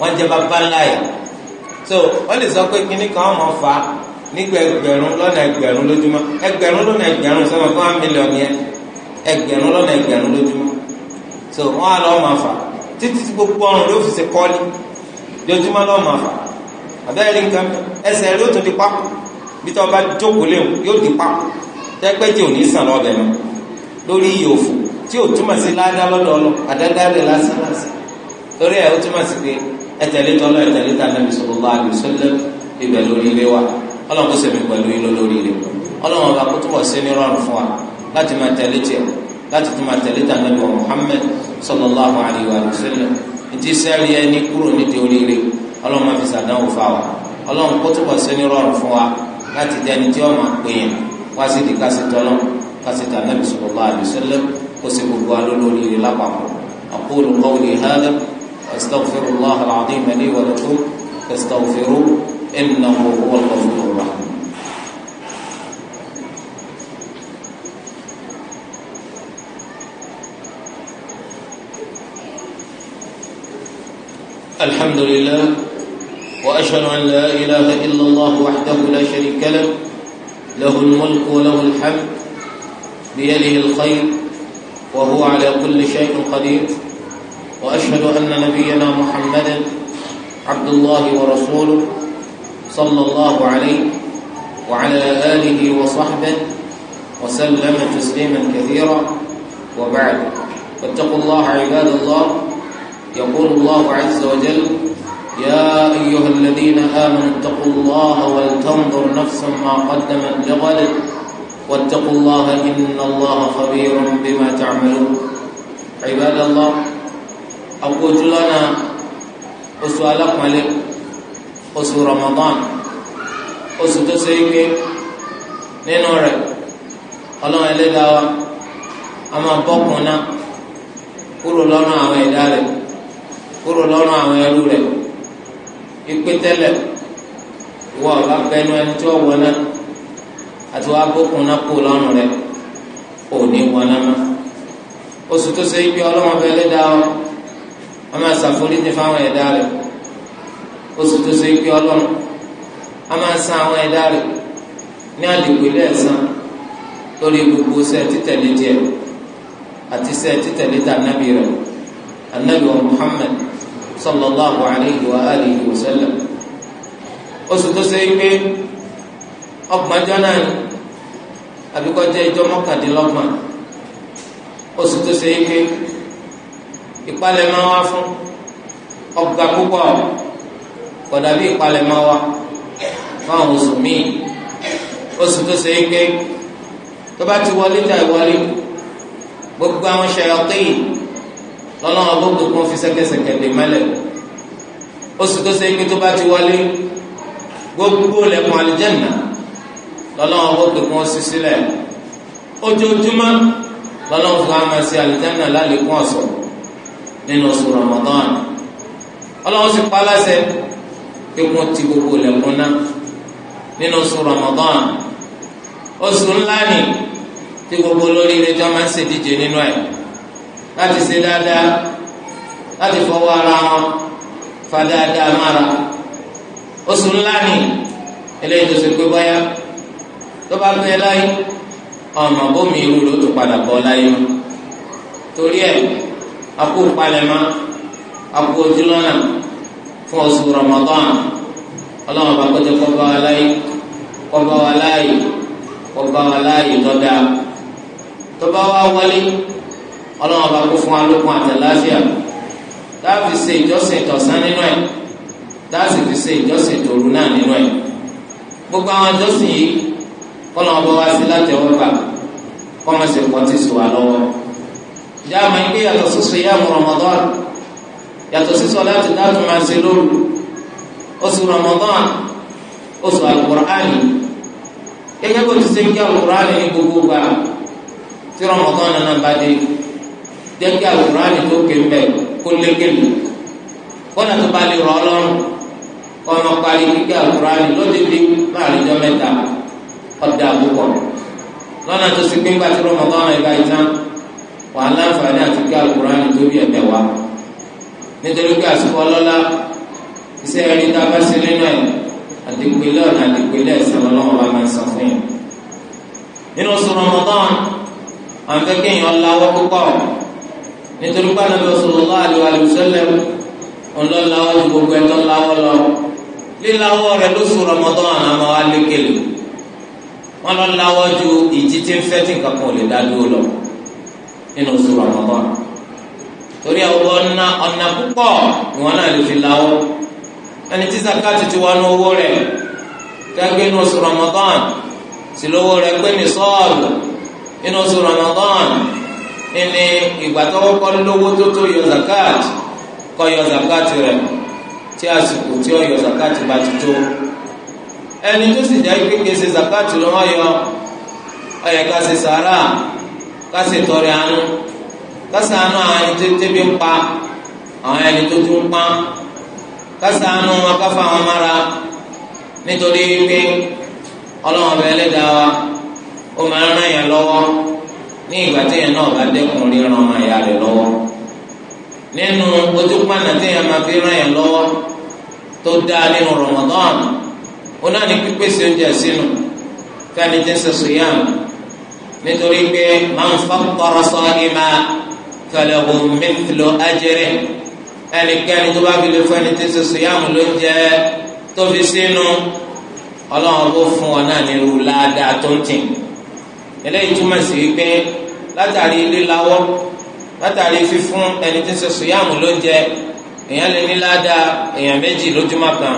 wọ́n jẹ́ bàbá láyà so wọ́n lè sọ pé kínní kan ọmọ fa nígbà ẹgbẹ̀rún lọ́nà ẹgbẹ̀rún lójúmọ́ ẹgbẹ̀rún lọ́nà ẹgbẹ̀rún sọ́mọ fún one million yẹn ẹgbẹ̀rún lọ́nà ẹgbẹ̀rún lójúmọ́ so wọ́n á lọ́ọ́ máa fà títí tí gbogbo ọrùn ló fi ṣe kọ́lí lójúmọ́ lọ́ọ́ máa fà àbẹ́rẹ́ nǹkan ẹsẹ̀ rẹ̀ ó tún di pákó bí tọ́ bá jókòó léwu yóò di pákó tẹ́gbẹ́ tí ò ní sàn lọ́bẹ̀ náà lórí iye òfò tí ò túmọ̀ sí ládá lọ́dọ̀ ọlọ́ rẹ̀ lásán torí ẹ̀ ó túmọ̀ sí pé ẹtẹ̀lé tọ́lọ́ ẹtẹ̀lé tà nàbì sallallahu alaihi wasallam ibẹ̀ lórí ilé wa ọlọ́run kó sèmi pẹ̀lú ilé lórí ilé ọlọ́run ọba kó túbọ̀ sí ní rọrùn fún wa láti máa tẹ̀lé tiẹ̀ láti tún máa tẹ̀lé tà nàbì Muhammad sallallahu alaihi wasallam ti sẹ́rí ẹni kúrò nídìí oríire ọlọ́run máa fi sàdánwò fa wa ọlọ́run kó túbọ̀ sí rọrùn fún wa láti jẹ́ ẹni tí wọ́n máa wá sí di kásìtọ́lọ́ kásìtà nàbì sallallahu alaihi kó sì gbogbo alólórí lápapọ̀ aqulu qawli hadha استغفر الله العظيم لي ولكم فاستغفروه إنه هو الغفور الرحيم الحمد لله وأشهد أن لا إله إلا الله وحده لا شريك له له الملك وله الحمد بيده الخير وهو على كل شيء قدير وأشهد أن نبينا محمدا عبد الله ورسوله صلى الله عليه وعلى آله وصحبه وسلم تسليما كثيرا وبعد فاتقوا الله عباد الله يقول الله عز وجل يا أيها الذين آمنوا اتقوا الله ولتنظر نفسا ما قدمت لغد واتقوا الله إن الله خبير بما تعملون عباد الله àwọn ojúlọ́nà oṣù alápọ̀nlé oṣù Ramadan oṣù tó ṣe ike nínú rẹ̀ ọlọ́run ẹlẹ́dàá wa a máa bọ́kùn náà kúrò lọ́rùn àwọn ẹ̀dá rẹ̀ kúrò lọ́rùn àwọn ẹrú rẹ̀ ìpè tẹ́lẹ̀ ìwọ ọba bẹnu ẹni tí ó wọ náà àti wàá bọ́kùn náà kúrò lọ́rùn òní wọ náà mọ́ oṣù ike ọlọ́run ẹlẹ́dàá a máa ṣàforíjì fáwọn ẹ̀dá rẹ̀ oṣù tó ṣe pé ọlọ́run a máa san àwọn ẹ̀dá rẹ̀ ní àdìgbò ilé ẹ̀san lórí gbogbo sẹ́ẹ̀ títẹ̀lé tiẹ̀ àti sẹ́ẹ̀ títẹ̀lé tà nábì rẹ̀ anabi wa Muhammad sallallahu alayhi wa alihi wa sallam oṣù tó ṣe pé ọgbọ̀njọ́ náà ni àbíkọ́jẹ́ ìjọ mọ́kàndínlọ́gbọ̀n oṣù tó ṣe pé ìpalẹ̀mọ́ wa fún ọgbà púpọ̀ kódà bí ìpalẹ̀mọ́ wa fún àwọn oṣù míì oṣù tó ṣe é gbé tó bá ti wọlé tà ìwọlé gbogbo àwọn ṣayọkéyì lọ́lọ́wọ́ gbogbo kan fi ṣẹ́kẹ́ṣẹkẹ̀ dè mẹ́lẹ̀ oṣù tó ṣe é gbé tó bá ti wọlé gbogbo lẹ́kùn àlìjẹ́nà lọ́lọ́wọ́ gbogbo kan ṣí sílẹ̀ ojoojúmọ́ lọ́lọ́wọ́ fún wa máa ṣe àlìjẹ́nà lálẹ́kùn nínú oṣù Ramadan ọlọ́run sì paláṣẹ pé wọ́n ti gbogbo lẹ́kùn náà nínú oṣù Ramadan oṣù ńlá ni tí gbogbo olórí ilé tí wọ́n máa ń ṣèdíje nínú ẹ̀ láti ṣe dáadáa láti fọwọ́ ara wọn fa dáadáa mára oṣù ńlá ni eléyìí tó ṣe pé báyà tó bá pẹ́ láyé ọmọ bómi irú ló tó padà bọ́ láyé torí ẹ̀ akó palẹ̀mọ́ akó ojúlọ́nà fún oṣù Ramadan ọlọ́run bá kọjá kọba wa láyé kọba wa láyé kọba wa láyé lọ́dà tọba wa wọlé ọlọ́run bá kó fún wa lókun àtàláfíà táàbì ṣe ìjọsìn tọ̀sán nínú ẹ̀ táàsì fi ṣe ìjọsìn tòru náà nínú ẹ̀ gbogbo àwọn ìjọsìn yìí kọ́nà ọba wa sí láti ọwọ́ bá kọ́mọ̀sí pọ́tì lọ́wọ́ ìjà àmọ́ yín pé yàtọ̀ sí sèyàmù Ramadan yàtọ̀ sí sọ láti dáàtú máa ṣe lóru oṣù Ramadan oṣù alukur'ani gẹ́gẹ́ bó ti ṣe ń kí alukur'ani ní gbogbo gbà tí Ramadan nana bá dé jẹ́ kí alukur'ani tó ké mbẹ́ kó lékele kọ́nà tó bá lè rọ ọlọ́run kọ́nà parí kíkẹ́ alukur'ani lóde bí láàrin jọ mẹ́ta ọ̀dà àbúkọ̀ lọ́nà tó ṣe pé ńgbà tí Ramadan náà ibà yìí wà á láǹfààní àti kí alukurani tó bí ẹ̀mẹ̀ wá nítorí pé àsìkò ọlọ́lá iṣẹ́ ẹ̀rí tá a bá ṣe nínú ẹ̀ àdìpínlẹ̀ ọ̀nà àdìpínlẹ̀ ẹ̀sán ọlọ́wọ́ bá máa sọ fún yẹn. nínú oṣù Ramadan àwọn fẹ́ kéèyàn láwọ́ púpọ̀ nítorí pé Ànábì sallallahu alaihi wasallam ńlọ́láwọ́ ju gbogbo ẹ̀ tó láwọ́ lọ líláwọ́ rẹ̀ lóṣù Ramadan àmọ́ wa lékele wọ́n lọ́ láwọ́ ju ìjì tí ń ò nínú oṣù Ramadan torí àwọn ọ̀nà ọ̀nà púpọ̀ ìwọ̀n náà lè fi láwọ́ ẹni tí zakati ti wọnú owó rẹ̀ tẹ́gbẹ́ nínú oṣù Ramadan sì lówó rẹ̀ pé ní sọ́ọ̀lù nínú oṣù Ramadan ní ìgbà tọ́wọ́ kọ́ lówó tó tó yọ zakati kọ́ yọ zakati rẹ̀ tí àsìkò tí ó yọ zakati bá ti tó ẹni tó sì jẹ́ pé kí n ṣe zakati lọ́wọ́ yọ ọ̀yẹ̀ká ṣe sàárà ká ṣe tọrẹ àánú ká ṣàánú àwọn ẹni tó tẹbi ń pa àwọn ẹni tó tún ń pa ká ṣàánú wọn ká fa wọn mára nítorí pé ọlọ́wọ́n bẹ ẹlẹ́dàá wa ó máa ń ràn yẹn lọ́wọ́ ní ìgbà téèyàn náà bá dẹ́kun ríran ọmọ ìyá rẹ̀ lọ́wọ́ nínú ojú pàànà téèyàn máa fi ràn yẹn lọ́wọ́ tó dáa nínú Ramadan ó náà ní pípèsè oúnjẹ sínú ká ní jẹ́ sẹ́sọ̀ yáàmù nítorí pé máa ń fọ́kọ̀rọ̀ sọ́ọ́ni máa kẹlẹ̀wò mẹ́fìlò ajẹ́rẹ́ ẹnikẹ́ni tó bá fi lè fún ẹni tí ń sọ̀sọ̀ yàmù ló ń jẹ́ tó fi sínú ọlọ́run kó fún ọ náà nírú ládàá tó ń tìǹ eléyìí túmọ̀ sí pé látàrí líláwọ́ látàrí fífún ẹni tí ń sọ̀sọ̀ yàmù ló ń jẹ́ èèyàn lè ní ládàá èèyàn méjì lójúmọ́ kan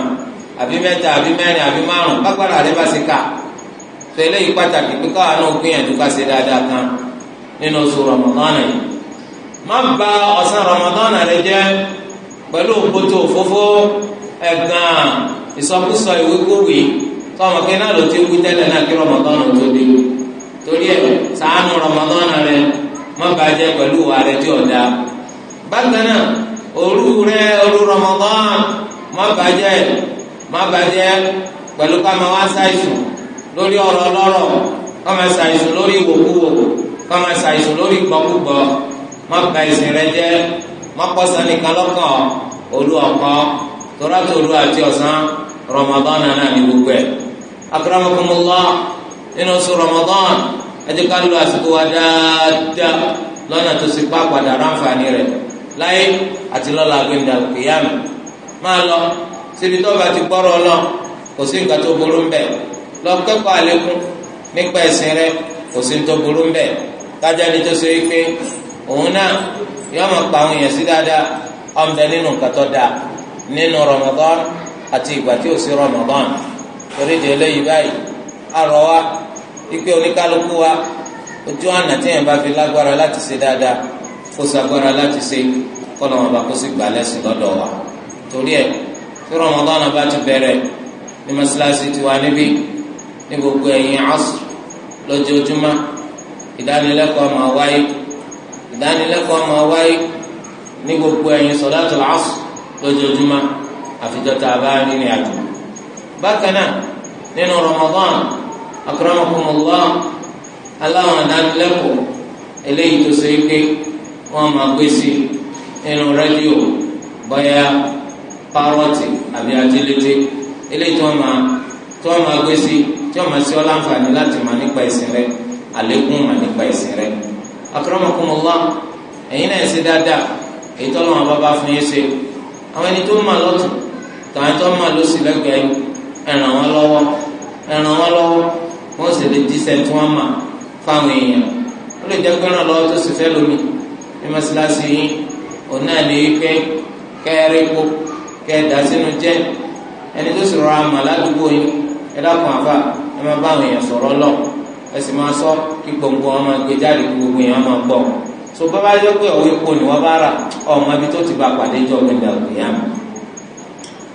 àbí mẹ́ta àbí mẹ́rin àbí márùn-ún bá rẹ bá ti kà á sọ eléyìí pàtàkì pé káwa náà gbìyànjú ká ṣe dáadáa kan nínú oṣù Ramadan yìí má bà ọ̀sán Ramadan rẹ jẹ́ pẹ̀lú òkúta òfófó ẹ̀gàn ìsọkúsọ ìwékúwì tọmọ kí náà ló ti wí tẹ́lẹ̀ náà kí Ramadan tó dé torí ẹ̀ ṣàánú Ramadan rẹ má bàjẹ́ pẹ̀lú ààrẹ tí ọ̀dà bákan náà òru rẹ òru Ramadan má bàjẹ́ má bàjẹ́ pẹ̀lú ká máa wá sáìsùn lórí ọ̀rọ̀ lọ́rọ̀ kọ́ máa ṣàìsùn lórí ìwòkúwò kọ́ máa ṣàìsùn lórí ìgbọ́kúgbọ́ má ba ìsìn rẹ jẹ́ má pọ́sá nìkan lọ́kàn olú ọ̀kọ́ torá tó olú àti ọ̀sán Ramadan náà ní gbogbo ẹ̀. akramakumullah nínú oṣù Ramadan ẹ jẹ́ ká lo àsìkò wa dáadáa lọ́nà tó sì pa padà ráǹfààní rẹ̀ láyé àti lọ́la gbẹ̀ndà kìyàmù máa lọ síbi tó bá ti gbọ́rọ̀ lọ kò sí nǹkan tó burú ń bẹ̀ lọ kẹ́kọ̀ọ́ àlékún nípa ẹ̀sìn rẹ kò sí tó burú mbẹ kájà ni tó so yìí pé òun náà yóò máa pa àwọn èèyàn sí dáadáa ọ̀nbẹ nínú nǹkan dáa nínú Ramadan àti ìgbà tí ò sí Ramadan torí di eléyìí báyìí àrọ̀ wa ipe oníkálukú wa ojú ọ̀nà tí yẹn bá fi lágbára láti ṣe dáadáa kó sagbára láti ṣe kọ́nà wọn bá kó sì gbà lẹ́sìn lọ́dọ̀ wa torí ẹ̀ tí Ramadan bá ti bẹ̀rẹ̀ ní mọ́sálásí tiwa níbí ní gbogbo ẹ̀yìn asr lójoojúmọ́ ìdánilẹ́kọ̀ọ́ máa wáyé ìdánilẹ́kọ̀ọ́ máa wáyé ní gbogbo ẹ̀yìn sọ̀láàtul asr lójoojúmọ́ àfijọ́ tá a bá rí ní àjò. bákan náà nínú Ramadan akramakumullah aláwọn ìdánilẹ́kọ̀ọ́ eléyìí tó ṣe é pé wọ́n máa gbé sí nínú rédíò bọ́yá párọ̀tì àbí ajílété eléyìí tó máa máa gbé sí tí ọmọ sí ọ láǹfààní láti mà nípa ẹ̀sìn rẹ àlékún mà nípa ẹ̀sìn rẹ akramakumullah ẹ̀yin náà ṣe dáadáa èyí tó lọ́wọ́ bá bá fún yín ṣe àwọn ẹni tó mà lọ́tún tàwọn tó mà lọ́sì lẹ́gbẹ̀ẹ́ ẹ̀ràn wọn lọ́wọ́ ẹ̀ràn wọn lọ́wọ́ wọn sì lè díṣẹ́ tí wọ́n mà fáwọn èèyàn ó lè jẹ́ gbọ́nà lọ́wọ́ tó sì fẹ́ lómi ní mọ́sálásí yín òun náà lè pé kẹ́ẹ̀rẹ́ kó kẹ́ẹ̀ sínú jẹ́ ẹni tó sì rọra mà ládùúgbò yín ẹ dákun àfa ẹ máa bá àwọn èèyàn sọ̀rọ̀ lọ ẹ sì máa sọ kí gbòǹgbò wọn máa gbé jáde kí gbogbo èèyàn máa gbọ́ so bàbá yẹ pé ọwọ́ epo ni wọ́n bá rà ọmọ ibi tó ti bá pàdé jọ gbẹgbẹ òkèèyàn mi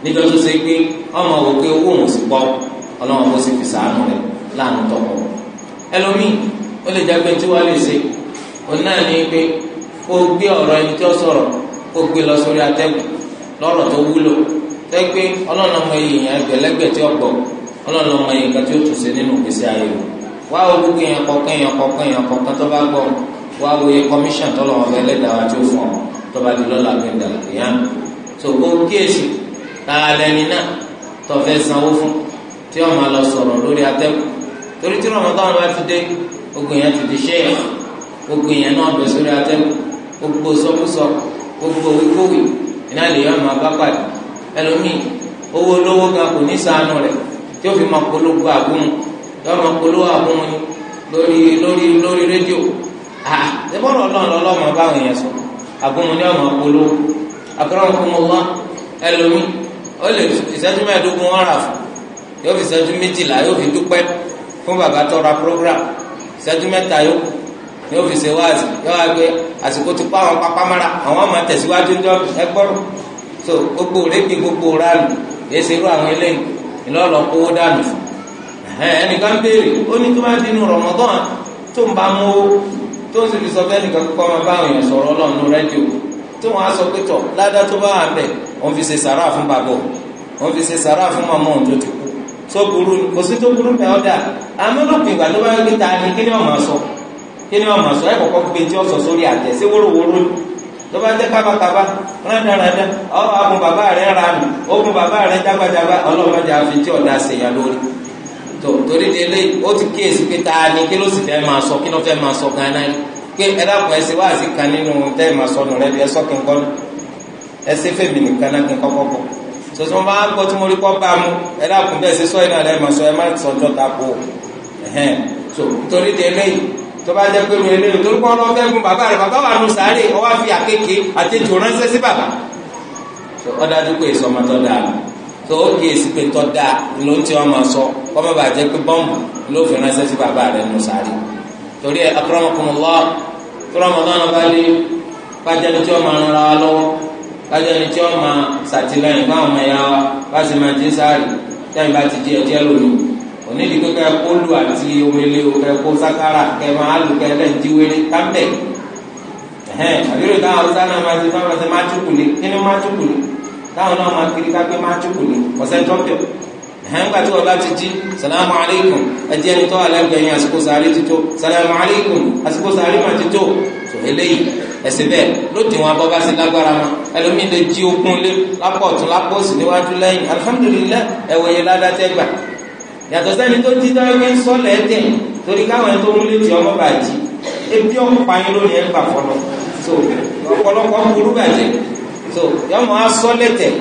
níjọ tó ṣe pé ọmọ wò pé owó òun sì pọ̀ ọlọ́run ó sì fi sàánú rẹ̀ láàánú tọkọ ẹlòmíì ó lè jágbe tí wọ́n lè ṣe òun náà ní pé ó gbé ọ̀rọ̀ ẹni tí ó lọ́rọ̀ tó wúlò tẹ́gbẹ́ ọlọ́run ọmọ èèyàn ẹgbẹ̀lẹ́gbẹ̀ tí ó gbọ́ ọlọ́run ọmọ yìí nǹkan tí ó tún ṣe nínú ìgbésí ayé o wá olú kéèyàn kọ kéèyàn kọ kéèyàn kọ kan tó bá gbọ́ wá wòye kọmíṣàn tó lọ́wọ́ bẹ́ẹ̀ lẹ́dàá wa tí ó fún ọ tó bá di lọ́la gbẹ̀dà ìyá tó kó kíyèsí tààlẹ́ni náà tó fẹ́ sanwó fún tí ọmọ lọ sọ̀rọ̀ lórí atẹ́kùn torí tí Ramadan bá ti dé gbogbo èèyàn ti di ṣẹ́yà gbogbo èèyàn náà bẹ̀ sórí atẹ́kùn gbogbo sọkúsọ gbogbo wíkúwì ìnáàlè yọ ọmọ abápàdé ẹlòmíì owó olówó kan kò ní sànù rẹ̀ tí ó fi máa polówó àgúnmu yóò máa polówó àgúnmu ni lórí lórí lórí rédíò ha ṣé bọ́ọ̀rọ̀ ọlọ́run lọ́lọ́mọ báwọn yẹn sọ àgúnmu ni ọmọ polówó akọ́rọ́mọ fún wọn wá ẹlòmí ó lè ìṣẹ́jú mẹ́ẹ̀ẹ́dógún wọn rà fún yóò fi ìṣẹ́jú méjìlá yóò fi dúpẹ́ fún bàbá tọ́ra program ìṣẹ́jú mẹ́ta yóò ní ọ́fíìsì wáàzì yọ wá gbé àsìkò tó pa àwọn pápámára àwọn ọmọ tẹ̀síwájú ń jọ ẹgbọ́rún so gbogbo rẹ́gbẹ̀ gbogbo rálù yéé ṣerú àwọn eléyìí ìlọ́lọ́ kówó dànù fún ẹnìkan béèrè ó ní tó bá di inú tó ń bá mówó tó ń sì fi sọ fẹ́ nìkan kọ́kọ́ máa bá àwọn èèyàn sọrọ ọlọ́run rẹ́díò tó wọn á sọ pé ládá tó bá wà òun fi ṣe sàrà fún bàbá òun fi ṣe sàrà fún òun tó ti kú tó burú sọ kí ni máa sọ gbé tí sọ sórí sí tó bá jẹ́ kábàkábà rádaràdà ọ̀rọ̀ àwọn bàbá rẹ̀ ranù ogun bàbá rẹ̀ jágbàjágbà ọlọ́mọdé àfin tí ọ̀dà ṣèyàn lórí tó torí délé ó ti kíyèsí pé ta ni kí ló sì fẹ́ máa sọ kí ló fẹ́ máa sọ gan-an pé ẹ dákun ẹ ṣe wá sí kan nínú sọ kí n kọ́ ẹ náà kí n kọ́ sọ tó bá jẹ́ pé ru eléyìí torí pé ọlọ́wọ́ fẹ́ gun bàbá rẹ̀ bàbá wà nù sáré ọwọ́ fi àkékè àtẹ̀jù ránṣẹ́ sí bàbá ọ̀dájú pé ìsọmọ tó dáa tó o kì í sí pé tó dáa ló ń tí wọn máa sọ kọ́ bá bàjẹ́ pé bọ́ǹbù ló fi ránṣẹ́ sí bàbá rẹ̀ nù sáré torí ẹ akramakumullah tó Ramadan bá lé bájẹ́ tí wọn máa wa lọ́wọ́ bájẹ́ tí wọn máa fáwọn ọmọ ẹ̀yà wa bá onídìí pé kẹ́ kó lu àti omele o kẹ́ kó sakara kẹ́ máa lu kẹ́ lẹ́ jíwèrè kámbẹ̀ àbúrò táwọn haúsá náà máa ṣe fáwọn ṣe máa túkù ní kí ni máa túkù ní táwọn náà máa kiri ká pé máa túkù ní ọ̀sẹ̀ tọ́pẹ̀ hẹ́ngbà tí wọ́n bá ti jí salamu aleykum ẹjẹ́ ni tọ́ alẹ́gbẹ̀ẹ́ yẹn àsìkò sàárè ti tó salamu aleykum àsìkò sàárè máa ti tó tó eléyìí ẹ̀sìn bẹ́ẹ̀ lóde wọn abọ́ bá ti lágbára ma ẹlòmíì lè jí okun lé lápọ̀ tún lápọ̀ sí níwájú lẹ́yìn alihamudulilayi ẹ̀wọ̀ yẹn yàtọ̀ sẹ́ni tó ti dáwé sọ́lẹ̀ ẹ̀tẹ̀ torí káwọn ẹni tó múlé tí ọmọ bàjẹ́ ebi ọ̀pá yín lónìí ẹ̀ ń gbà fọlọ́ so ọ̀pọ̀lọpọ̀ burú bàjẹ́ so yọmọ asọ́lẹ̀ tẹ̀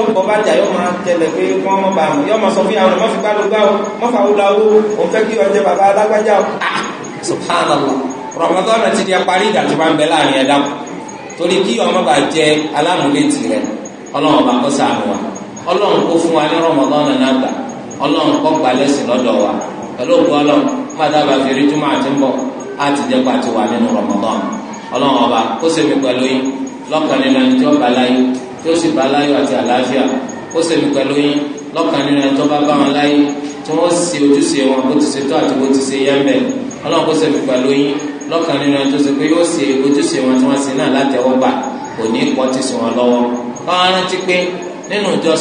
yọmọ bàjẹ́ yọmọ tẹlẹ pé kọ́ ọmọ bàmù yọmọ sọ fún yàrá mọ́fi gbàlúgbà o mọ́fà wúlò awó o fẹ́ kí ọjọ́ bàbá alágbájá o ah subhanallah rọmọdọ́nà ti di apárí ìdàtí máa ń bẹ láàrin ẹ̀dá torí kí ọmọ bàjẹ́ alámúlétì rẹ ọlọ́run bá kọ́ sáà wa ọlọ́run kó fún wa ní rọmọdọ́nà náà gbà ọlọ́run kọ́ gba lẹ́sìn lọ́dọ̀ wa pẹ̀lú òkú ọlọ́run pátá bá fi rí túmọ̀ àti ń bọ̀ láti jẹ́ pàtó wà nínú Ramadan ọlọ́run ọba kó sèmi pẹ̀lú yín lọ́kàn nínú ẹni tí ó bá láyé tí ó sì bá láyé àti àlàáfíà kó sèmi pẹ̀lú yín lọ́kàn nínú ẹni tó bá bá wọn láyé tí wọ́n ṣe ojúṣe wọn bó ti ṣe tó àti bó ti ṣe yẹ mbẹ́ ọlọ́run kó sèmi pẹ̀lú yín lọ́kàn nínú ẹni tó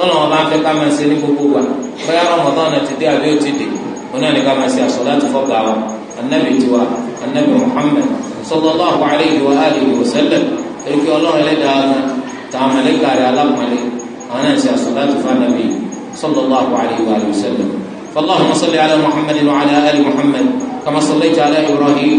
tọ́lọ̀ wọn bá ń fẹ́ ká máa ṣe ní gbogbo wa bóyá Ramadan ti dé àbí ó ti dé wọn náà ní ká máa ṣe àsọ̀láàtì fọ́gà wa anabi tiwa anabi Muhammad sallallahu alayhi wa alihi wa sallam erike ọlọ́run ẹlẹ́dàá kan tààmàlẹ́ kárí alákùnrin àwọn náà ṣe àsọ̀láàtì fanabi sallallahu alayhi wa alihi wa sallam. فاللهم صل على محمد وعلى ال محمد كما صليت على ابراهيم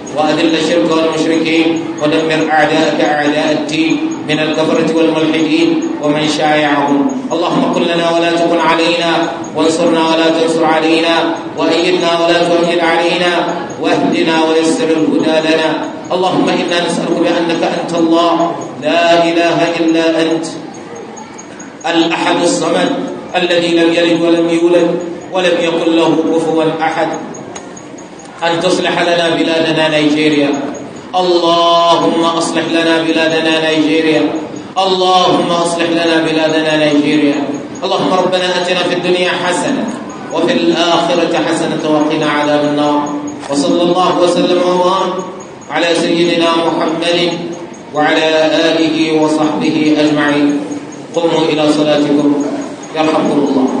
وأذل الشرك والمشركين ودمر أعداءك أعداء الدين من الكفرة والملحدين ومن شايعهم اللهم كن لنا ولا تكن علينا وانصرنا ولا تنصر علينا وأيدنا ولا تؤيد علينا واهدنا ويسر الهدى لنا اللهم إنا نسألك بأنك أنت الله لا إله إلا أنت الأحد الصمد الذي لم يلد ولم يولد ولم يكن له كفوا أحد أن تصلح لنا بلادنا نيجيريا اللهم أصلح لنا بلادنا نيجيريا اللهم أصلح لنا بلادنا نيجيريا اللهم ربنا أتنا في الدنيا حسنة وفي الآخرة حسنة وقنا عذاب النار وصلى الله وسلم وبارك على سيدنا محمد وعلى آله وصحبه أجمعين قوموا إلى صلاتكم يرحمكم الله